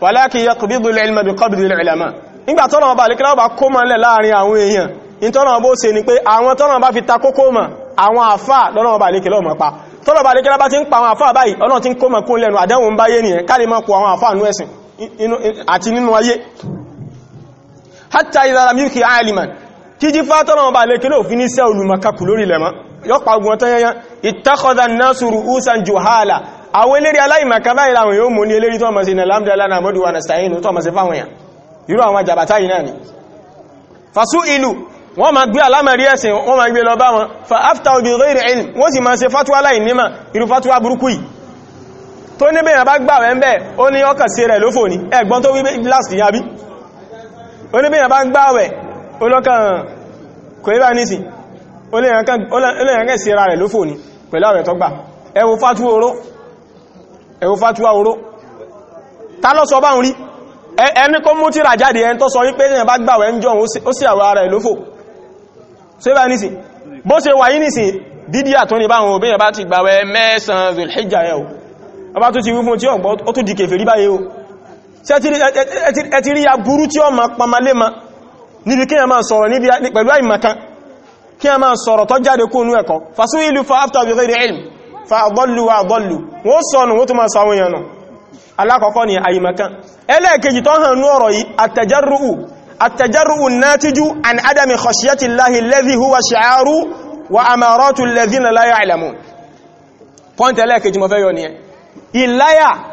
walakin yaqbidu al-ilma bi qabdi al-ulama nígbà tọ́nà bá lè kíláwọ́ bá kó mọ́ lẹ́ láàrin àwọn èèyàn ìtọ́nà bó ṣe ni pé àwọn tọ́nà bá fi ta kókó mọ̀ àwọn àfà lọ́nà bá lè kíláwọ́ mọ̀ pa tọ́nà bá lè kíláwọ́ bá ti ń pa àwọn àfà báyìí ọlọ́n ti ń kó mọ̀ kó lẹ́nu àdẹ́wò báyé nìyẹn ká lè mọ́ kó àwọn àfà nú ẹ̀sìn àti nínú ayé hatta idha lam yuki aliman kí jí fátọ́nà ọba lè kílò fi ní sẹ́ olùmọ̀kakù lórí lẹ́mọ́ yọ́pa ogun ọ̀tọ́ yẹnyẹn ittakhadha an-nasu ru'usan juhala àwọn eléré aláìmọ̀ká báyìí làwọn yóò mú ní eléré tó mọ̀ sí ní alhamdulillah na sàyínú wa mọ̀ sí fáwọn èèyàn irú àwọn àjàbátá yìí náà ni fasú ìlú wọ́n ma gbé alámàrí ẹ̀sìn wọ́n ma gbé lọ bá wọn fa after bi ghayri ilm wọ́n sì ma ṣe fatuwa láì nímà irú fatuwa burúkú yìí tó níbẹ̀ yàn bá we wẹ́ ń bẹ́ẹ̀ ó ní ọkà sí rẹ̀ lófò ní ẹ̀gbọ́n tó wí last yàbí oníbìyàn bá ń gbáwẹ̀ olókàn kò ní bá nísì olóyànkẹ́ sí ara rẹ̀ ló fò ní pẹ̀lú àwẹ̀ tọ́gbà ẹ wo fatuwa oró wo fatuwa oró ta lọ sọ bá ń rí ẹni kó mú tíra jáde ẹni tó sọ wípé èyàn bá gbáwẹ̀ ń jọun ó sì àwẹ̀ ara rẹ̀ ló fò so ibá nísì bó ṣe wà yí nísì dídí àtúnni báwọn obìnrin bá ti gbáwẹ̀ mẹ́sàn-án o ọba tó ti wí fún tí ọ̀gbọ́ ó tún di kèfèrí báyé o ẹ̀tí rí aburú tí ó ma pamalé ma níbi kí a máa sọ̀rọ̀ níbi pẹ̀lú àìmọ̀kan kí a máa sọ̀rọ̀ tó jáde kó nú ẹ̀kọ́ fasú ìlú fa afta bi ghairi ilm fa adallu wa adallu wọ́n sọ̀nù wọ́n tó máa sọ̀wọ́n yẹnu alákọ̀ọ́kọ́ ni àìmọ̀kan ẹlẹ́ẹ̀kejì tó hàn nú ọ̀rọ̀ yìí àtẹjárùú àtẹjárùú natiju point ẹlẹ́ẹ̀kejì mo fẹ́ yọ nìyẹn ìláyà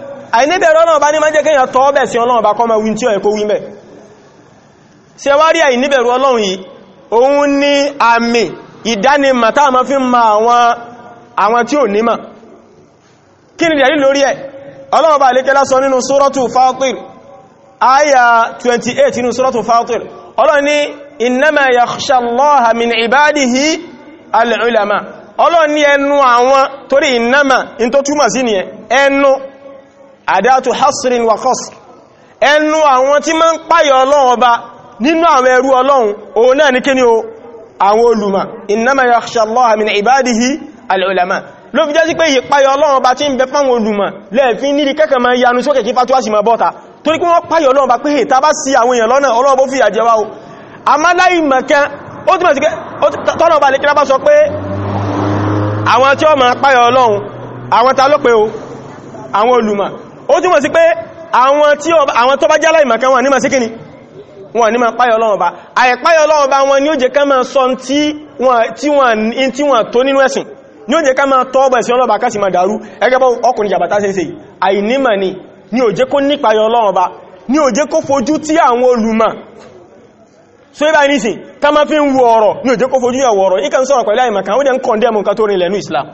àìníbẹ̀rẹ̀ ọlọ́run bá ní máa jẹ́ kéèyàn tọ́ bẹ̀ sí ọlọ́run bá kọ́mọ wíntí ọ̀ẹ̀kọ́ wí bẹ̀ ṣe wá rí àìníbẹ̀rù ọlọ́run yìí òun ní àmì ìdánimà táà máa fi ma àwọn tí ò nímà kí ni dẹ̀rí lórí ẹ̀ ọlọ́run bá lè min ibadihi al-ulama ọlọ́run ní ẹnu àwọn torí innama in ẹnu àdátù hasrin wa qasr ẹnu àwọn tí ma ń páyọ ọlọ́run ọba nínú àwọn ẹrú ọlọ́run òun náà ní kí ni o àwọn olùmọ̀ innama yakhsha Allaha min ibadihi al-ulama ló fi jẹ́ sí pé ìpáyọ ọlọ́run ọba tí ń bẹ fáwọn olùmọ̀ lẹ́ẹ̀fín nídi kẹ́kẹ́ ma yanu sókè kí fatuwa sì ma bọ́ta torí àwọn tí ó ma páyọ ọlọ́run àwọn ta ló o àwọn olùmọ̀ ó túnmọ̀ sí pé àwọn tó bá jẹ́ aláìmọ̀kan wọn ní ma sí kíni wọn ní ma páyọ̀ Ọlọ́run Ọba àìpáyọ̀ Ọlọ́run Ọba wọn ni ó jẹ́ ká máa sọ tí wọ́n tó nínú ẹ̀sìn ni ó jẹ́ ká máa tọ́ ọgbà ẹ̀sìn Ọlọ́run Ọba ká sì máa dàrú ẹgbẹ́bọ́ ọkùnrin jàbátá sí sí àìnímọ̀ ni ni ó jẹ́ kó nípayọ̀ Ọlọ́run Ọba ni ó jẹ́ so ibá nísìn ká máa fi ń wo ọ̀rọ̀ ni ó kó fojú yà wọ̀rọ̀ ikan sọ̀rọ̀ pẹ̀lú àìmọ̀kan ó dẹ̀ ń kọ̀ndẹ̀mù nǹkan tó rinlẹ̀ ní Islam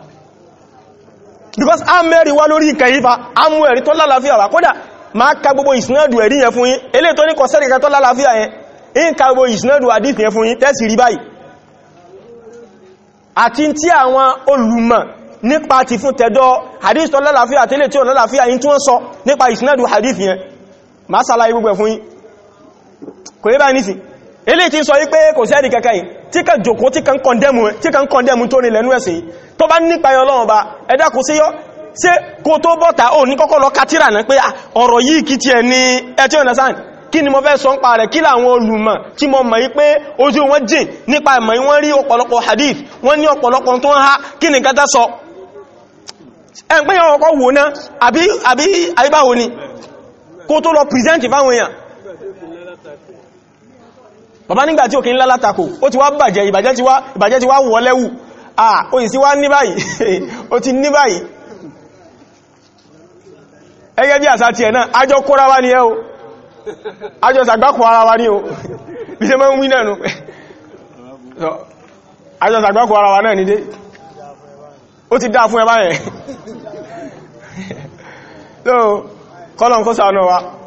because a mẹ́rin wá lórí nǹkan yífa a mú ẹ̀rí tó lálàáfíà wà kódà ma ka gbogbo ìsinádù ẹ̀rí yẹn fún yín elé tó ní kọ sẹ́rìkà tó lálàáfíà yẹn in ka gbogbo ìsinádù àdífì yẹn fún yín tẹ́sì rí báyìí àti tí àwọn olùmọ̀ nípa ti fún tẹ́dọ́ hadith tó lálàáfíà tẹ́lẹ̀ tí ó lálàáfíà yín tí wọ́n sọ nípa ìsinádù hadith yẹn ma sàlàyé gbogbo ẹ̀ fún yín kò yẹ báyìí nísìn eléyìí tí ń sọ yí pé kò sí ẹ̀rí kankan yìí tí kan jòkó tí kan kọndẹ́mù tí kan kọndẹ́mù tó ní lẹ́nu ẹ̀sìn tó bá nípa yọ lọ́wọ́ bá ẹ̀dá kò sí yọ́ ṣé kò tó bọ́ta ò ní kọ́kọ́ lọ katira náà pé ah, ọ̀rọ̀ yìí kí tiẹ̀ ní ẹtí ọ̀nà sáà kí ni mo fẹ́ sọ ń pa rẹ̀ kí làwọn olùmọ̀ tí mo mọ̀ yí pé ojú wọn jìn nípa ìmọ̀ yí wọ́n rí ọ̀pọ̀lọpọ̀ hadith wọ́n ní ọ̀pọ̀lọpọ̀ tó ń há kí ni kátá sọ ẹ̀ ń yàn ọkọ̀ wò náà àbí àbí ni kó tó lọ pìrìsẹ́ntì fáwọn èèyàn bàbá nígbà tí òkè ńlá látakò ó ti wá bàjẹ́ ìbàjẹ́ ti wá ìbàjẹ́ wọ́n lẹ́wù àà ó yìí sí ti ní báyìí ẹgẹ́ bí àsá ti ẹ̀ náà ajọ́ kóra o ajọ́ sàgbákò ara wá ní o bí ṣe mọ́ ń wí nù ti dá fún ẹ báyẹn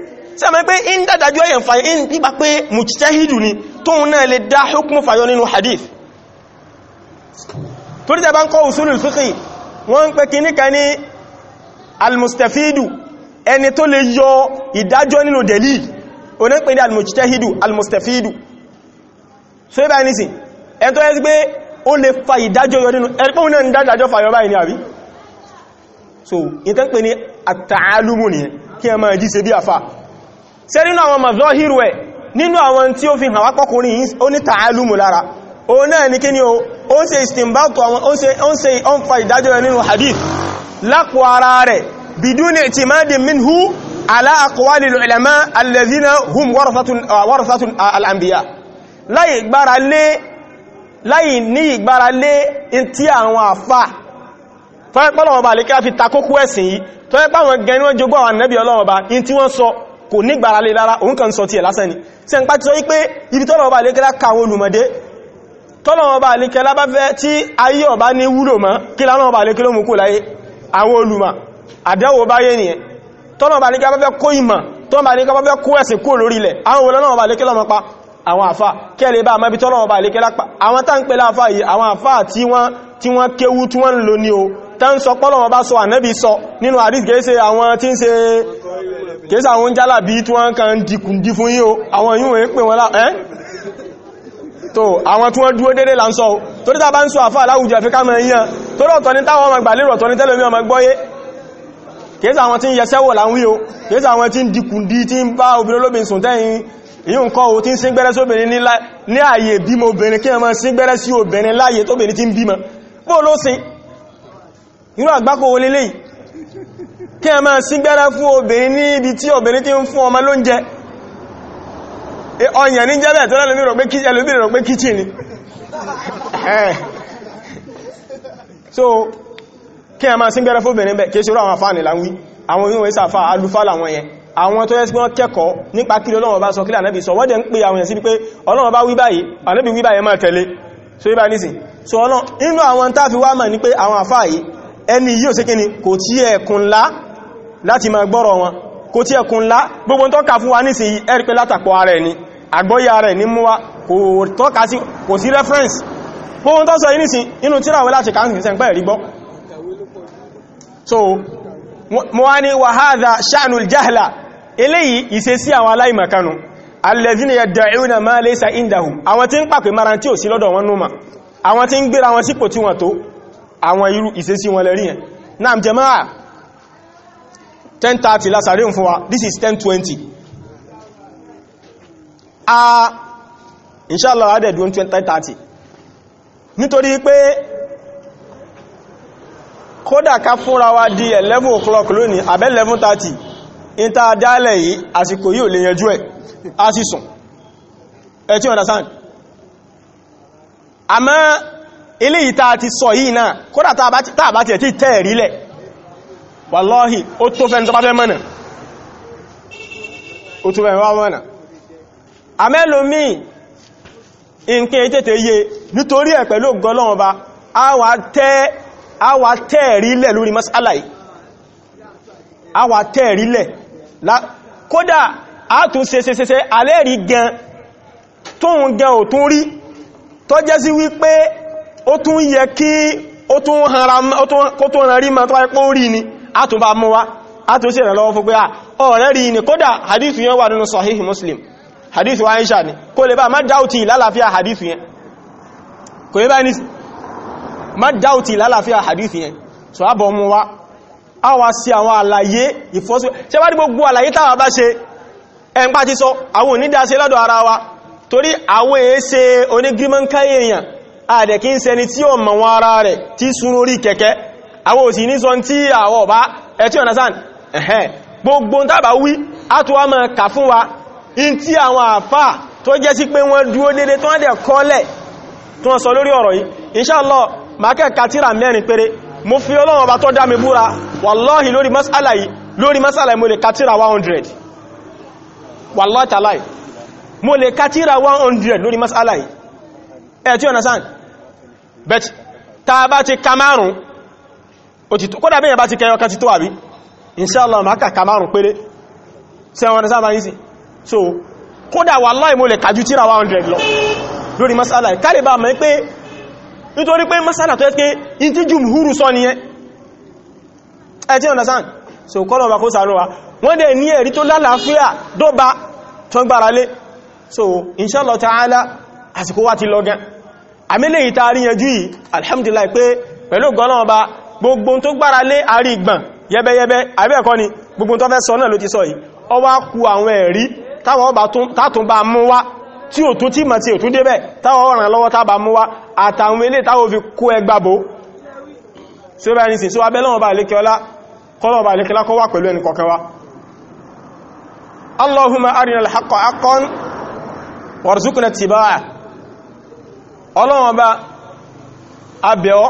tí a mẹ́ pé in dádájú ẹ̀yàn fàyọ in pípa pé mùtẹ́hìdù ni tóun náà lè dá hukmu fàyọ nínú hadith torí tẹ́bá ń kọ́ usulul fiqh wọ́n ń pẹ́ kìníkà ní almustafidu ẹni tó lè yọ ìdájọ́ nínú delil onípe ní almujtahidu almustafidu so ibá ní sí ẹni tó yẹ sí pé ó lè fa ìdájọ́ yọ ní so ìtẹ́ ń pè ní àtàálùmù nìyẹn kí ẹ máa jí ṣe bí àfà ṣe nínú àwọn mazohiru ẹ̀ nínú àwọn tí ó fi hàn wápọ́kùnrin ó ní tààlùmù lára o náà ní kí ni o ó ń ṣe istinbatu àwọn ó ń ṣe ó ń fa ìdájọ́ rẹ̀ nínú hadith lápò ara rẹ̀ biduni i'timadi minhu ala aqwali al-ulama alladhina hum warathatul ah, al-anbiya láì gbára lé láì ní ìgbára lé àwọn àfà tọ́ẹ́pọ́lọ́wọ́ba lè in tí wọ́n sọ kò ní gbára lé lára òun kan sọ tí ẹ̀ lásán ni ṣe ń pàtí sọ wípé ibi tọ́lọ̀ ọba àlékẹ́lá ka àwọn olùmọ̀dé tọ́lọ̀ ọba àlékẹ́lá bá fẹ́ tí ayé ọba ní wúlò mọ́ kí lánà ọba àlékẹ́lá mú kó láyé àwọn olùmọ̀ àdẹ́wò bá yé nìyẹn tọ́lọ̀ ọba àlékẹ́lá bá fẹ́ kó ìmọ̀ tọ́lọ̀ ọba àlékẹ́lá bá fẹ́ kó ẹ̀sìn kó lórí ilẹ̀ àwọn olùlọ́nà ọba àlékẹ́lá mọ́ pa àwọn àfà kí ẹ lè bá àmọ́bí tọ́lọ̀ ọba àlékẹ́lá pa àwọn tá ń pè láàfà yìí àwọn àfà tí wọ́n tí wọ́n sọ ànẹ́bí sọ nínú àdís gẹ́ẹ́sẹ̀ àwọn tí ń ṣe kéèsì àwọn jálàbí tí wọ́n kàn dìkùndí fún yíò àwọn yíò wọ́n pè wọ́n lá ẹ́ tó àwọn tí wọ́n dúó dédé là ń sọ torí tá bá ń sọ àfá aláwùjọ àfikà mọ̀ yíyan torí ọ̀tọ̀ ní táwọn ọmọ gbàlérò ọ̀tọ̀ ní tẹ́lẹ̀mí ọmọ gbọ́yé kéèsì àwọn tí ń yẹsẹ́ wọ̀ là ń wí o kéèsì àwọn tí ń dìkùndí tí ń bá kí a máa sígbára fún obìnrin ní ibi tí obìnrin ti ń fún ọmọ lóúnjẹ e, ọyàn ní jẹ́bẹ̀ tó lẹ́lẹ́mí rọ̀ pé kíchìn ni eh. so kí a máa sígbára fún obìnrin bẹ̀ kí é ṣe rọ àwọn afá nìlá wí àwọn yíò wọ́n sàfà alúfà làwọn yẹn àwọn tó yẹ́sí wọ́n kẹ́kọ̀ọ́ nípa kí Ọlọ́run bá sọ kí Ànábì sọ wọ́n dẹ̀ ń pè àwọn èèyàn sí pé bá wí báyìí Ànábì wí báyìí máa tẹ̀lé so yíba nísìn so Ọlọ́run inú àwọn tàbí wá mà ní pé àwọn àfáà yìí ẹni yíò sí kíni kò tí ẹ̀kùnlá láti máa gbọ́rọ̀ wọn kò tí ẹkùn ńlá gbogbo tó kà fún wa ní sí ẹ̀rí pé látàpọ̀ ara ẹni àgbọ́yà rẹ̀ ní mú wa kò tọ́ka sí kò sí reference gbogbo tó sọ inú tíráwẹ́ láti kàánsì sẹ́ so mo wá ní sha'nul jahla eléyìí ìṣesí àwọn aláìmọ̀kanu alladhina yad'una ma laysa indahum àwọn tí ń pàpè mara tí ò sí lọ́dọ̀ wọn núma àwọn tí ń gbéra lẹ́rí yẹn náà jẹ́máà 10:30 lásàrí ń fún wa this is 10:20 a inshallah adẹ̀dùn 10:30 nítorí pé kódà ká fúnra wa di 11 o'clock lónìí àbẹ́ 11:30 ìta dálẹ̀ yìí àsìkò yìí ò lè yanjú ẹ̀ a sì sùn ẹ ti understand àmọ́ ilé ìta ti sọ yìí náà kódà tàbátì ẹ̀ tí tẹ́ẹ̀rílẹ̀ wàlọ́hì ó tó fẹ́ tó bá mọ́nà ó tó fẹ́ mọ́nà àmẹ́lòmí nǹkan ètètè yẹ nítorí ẹ̀ pẹ̀lú gọlọ́wọ́n bá a wà lórí masala a wà rí ó tún yẹ kí ó tún rí ma tó wáyé pọ́ orí ni a tún bá mú wá a ìrànlọ́wọ́ fún pé à ah, ọ̀rẹ́ rí ni kódà hadithu yẹn wà nínú sahihi muslim hadithu aisha ni kó lè bá má dáútì lálàáfíà hadithu yẹn kò yẹ bá ní má dáútì lálàáfíà hadithu yẹn so a bọ̀ mú wá a wá sí àwọn àlàyé ìfọ́sí ṣe bá ní gbogbo àlàyé táwa bá ṣe ẹnpá ti sọ àwọn onídàáṣe orí kẹ̀kẹ́ àwọn òsì ní sọ tí àwọ̀ ọ̀bá ẹ̀tí ọ̀nàsán ẹ̀hẹ́n gbogbo tàbà wí átùwà mọ̀ kà fún wa in tí àwọn àfà tó jẹ́ sí pé wọ́n dúó dédé tó wọ́n dẹ̀ kọ́lẹ̀ tó wọ́n sọ lórí ọ̀rọ̀ yìí inṣàlọ́ mákẹ́kà tíra mẹ́rin péré mo fi Ọlọ́run ọba tó dá mi búra wàláhì lórí masala yìí lórí masala mo lè ka tíra 100 wàláhì tàláì mo lè ka tíra 100 lórí masala yìí ẹ̀tí ọ̀nàsán bet ta bá ti ka márùn-ún kódà bí ẹ̀bá ti kẹyọ kan ti tó àbí inshallah ma márùn péré tí àwọn sáàmà yìí sí so kódà wallahi mo lè kàjú tíra 100 lọ lórí masala kálìbà mẹ́ pé nítorí pé masala tó ẹ́ pé in ti jùmhúrù sọ nìyẹn ẹ so inshallah ta'ala àsìkò wá ti lọ gan àmì lè yìí ta rí yẹn jú yìí alhamdulillah pé pẹ̀lú gọ́nà ọba gbogbo tó gbára lé àrí ìgbàn yẹbẹyẹbẹ àbẹ́ẹ̀kọ́ ni gbogbo tó fẹ́ sọ náà ló ti sọ yìí ọ wá kú àwọn ẹ̀rí táwọn ọba tátún bá mú wá tí ò tún tí mọ̀ tí ò tún débẹ̀ táwọn ọ̀ràn lọ́wọ́ tá bá mú wá àtàwọn ilé táwọn fi kó ẹgbàbó sí ó bá ní sí sí wá bẹ́ lọ́wọ́ bá lékẹ́ọlá kọ́lọ̀ bá lékẹ́lá kọ́ wà pẹ̀lú ẹni kọ̀kẹ́ wá Allahumma arinal haqqa haqqan warzuqna ittiba'ah Ọlọ́run ọba abẹ́ ọ́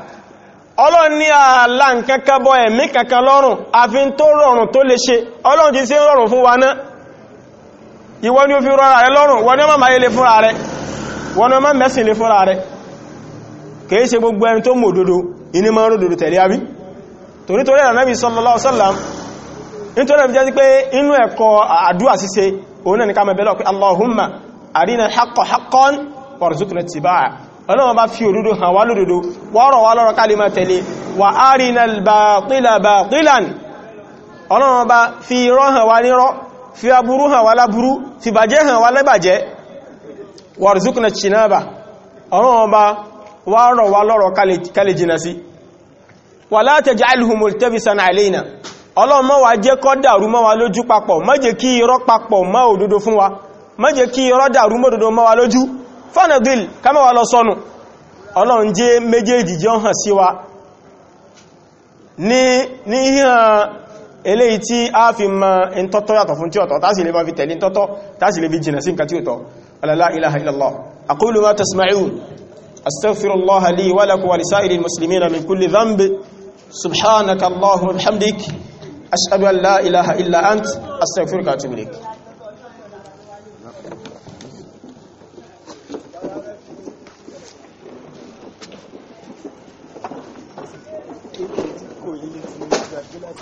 ọlọ́run ní ààlà nkankan bọ ẹ̀mí kankan lọ́rùn àfin tó rọrùn tó lè ṣe ọlọ́run ti ṣe ń rọrùn fún wa náà ìwọ ni ó fi rọra rẹ lọ́rùn wọ́n ni ó máa yẹlé fúnra rẹ wọ́n ni ó máa mẹ́sìn lé fúnra rẹ kìí ṣe gbogbo ẹni tó mọ̀ sallallahu alaihi wasallam nítorí ẹ̀fí jẹ́ sí pé inú ẹ̀kọ́ àdúà ṣíṣe òun náà ni ká máa bẹ̀lọ́ pé Allahumma arina ọlọ́wọ́ bá fi òdodo hàn wá lódodo wọ́rọ̀ wá lọ́rọ̀ ká lè máa tẹ̀lé wà arinal bàtílà bàtílan ọlọ́wọ́ bá fi irọ́ hàn wá nírọ́ fi aburú hàn wá láburú fi bàjẹ́ hàn wá lẹ́bàjẹ́ warzuqna chinaba ọlọ́wọ́ bá wọ́rọ̀ wá lọ́rọ̀ ká lè jìnà sí wala taj'alhu multabisan alayna ọlọ́wọ́ má wá jẹ́ kó dàrú mọ́ wa lójú papọ̀ má jẹ́ kí irọ́ papọ̀ mọ́ òdodo fún wa má jẹ́ kí irọ́ dàrú mọ́ òdodo mọ́ wa lójú fanadil kama wa lọ sọnù ọlọ́run jẹ́ méjèèjì jọ hàn sí wa ní híhàn eléyìí tí a fi ma in tọ́tọ́ yàtọ̀ fún tí ọ̀tọ̀ tásì lè bá fi tẹ̀lé tọ́tọ́ tásì lè bí jìnà sí nǹkan tí ó tọ́ alàlá ilaha illallah aqulu ma tasma'un astaghfirullah li wa lakum wa lisa'iril muslimina min kulli dhanb subhanaka allahumma bihamdik ashhadu an la ilaha illa ant astaghfiruka wa atubu الأسماء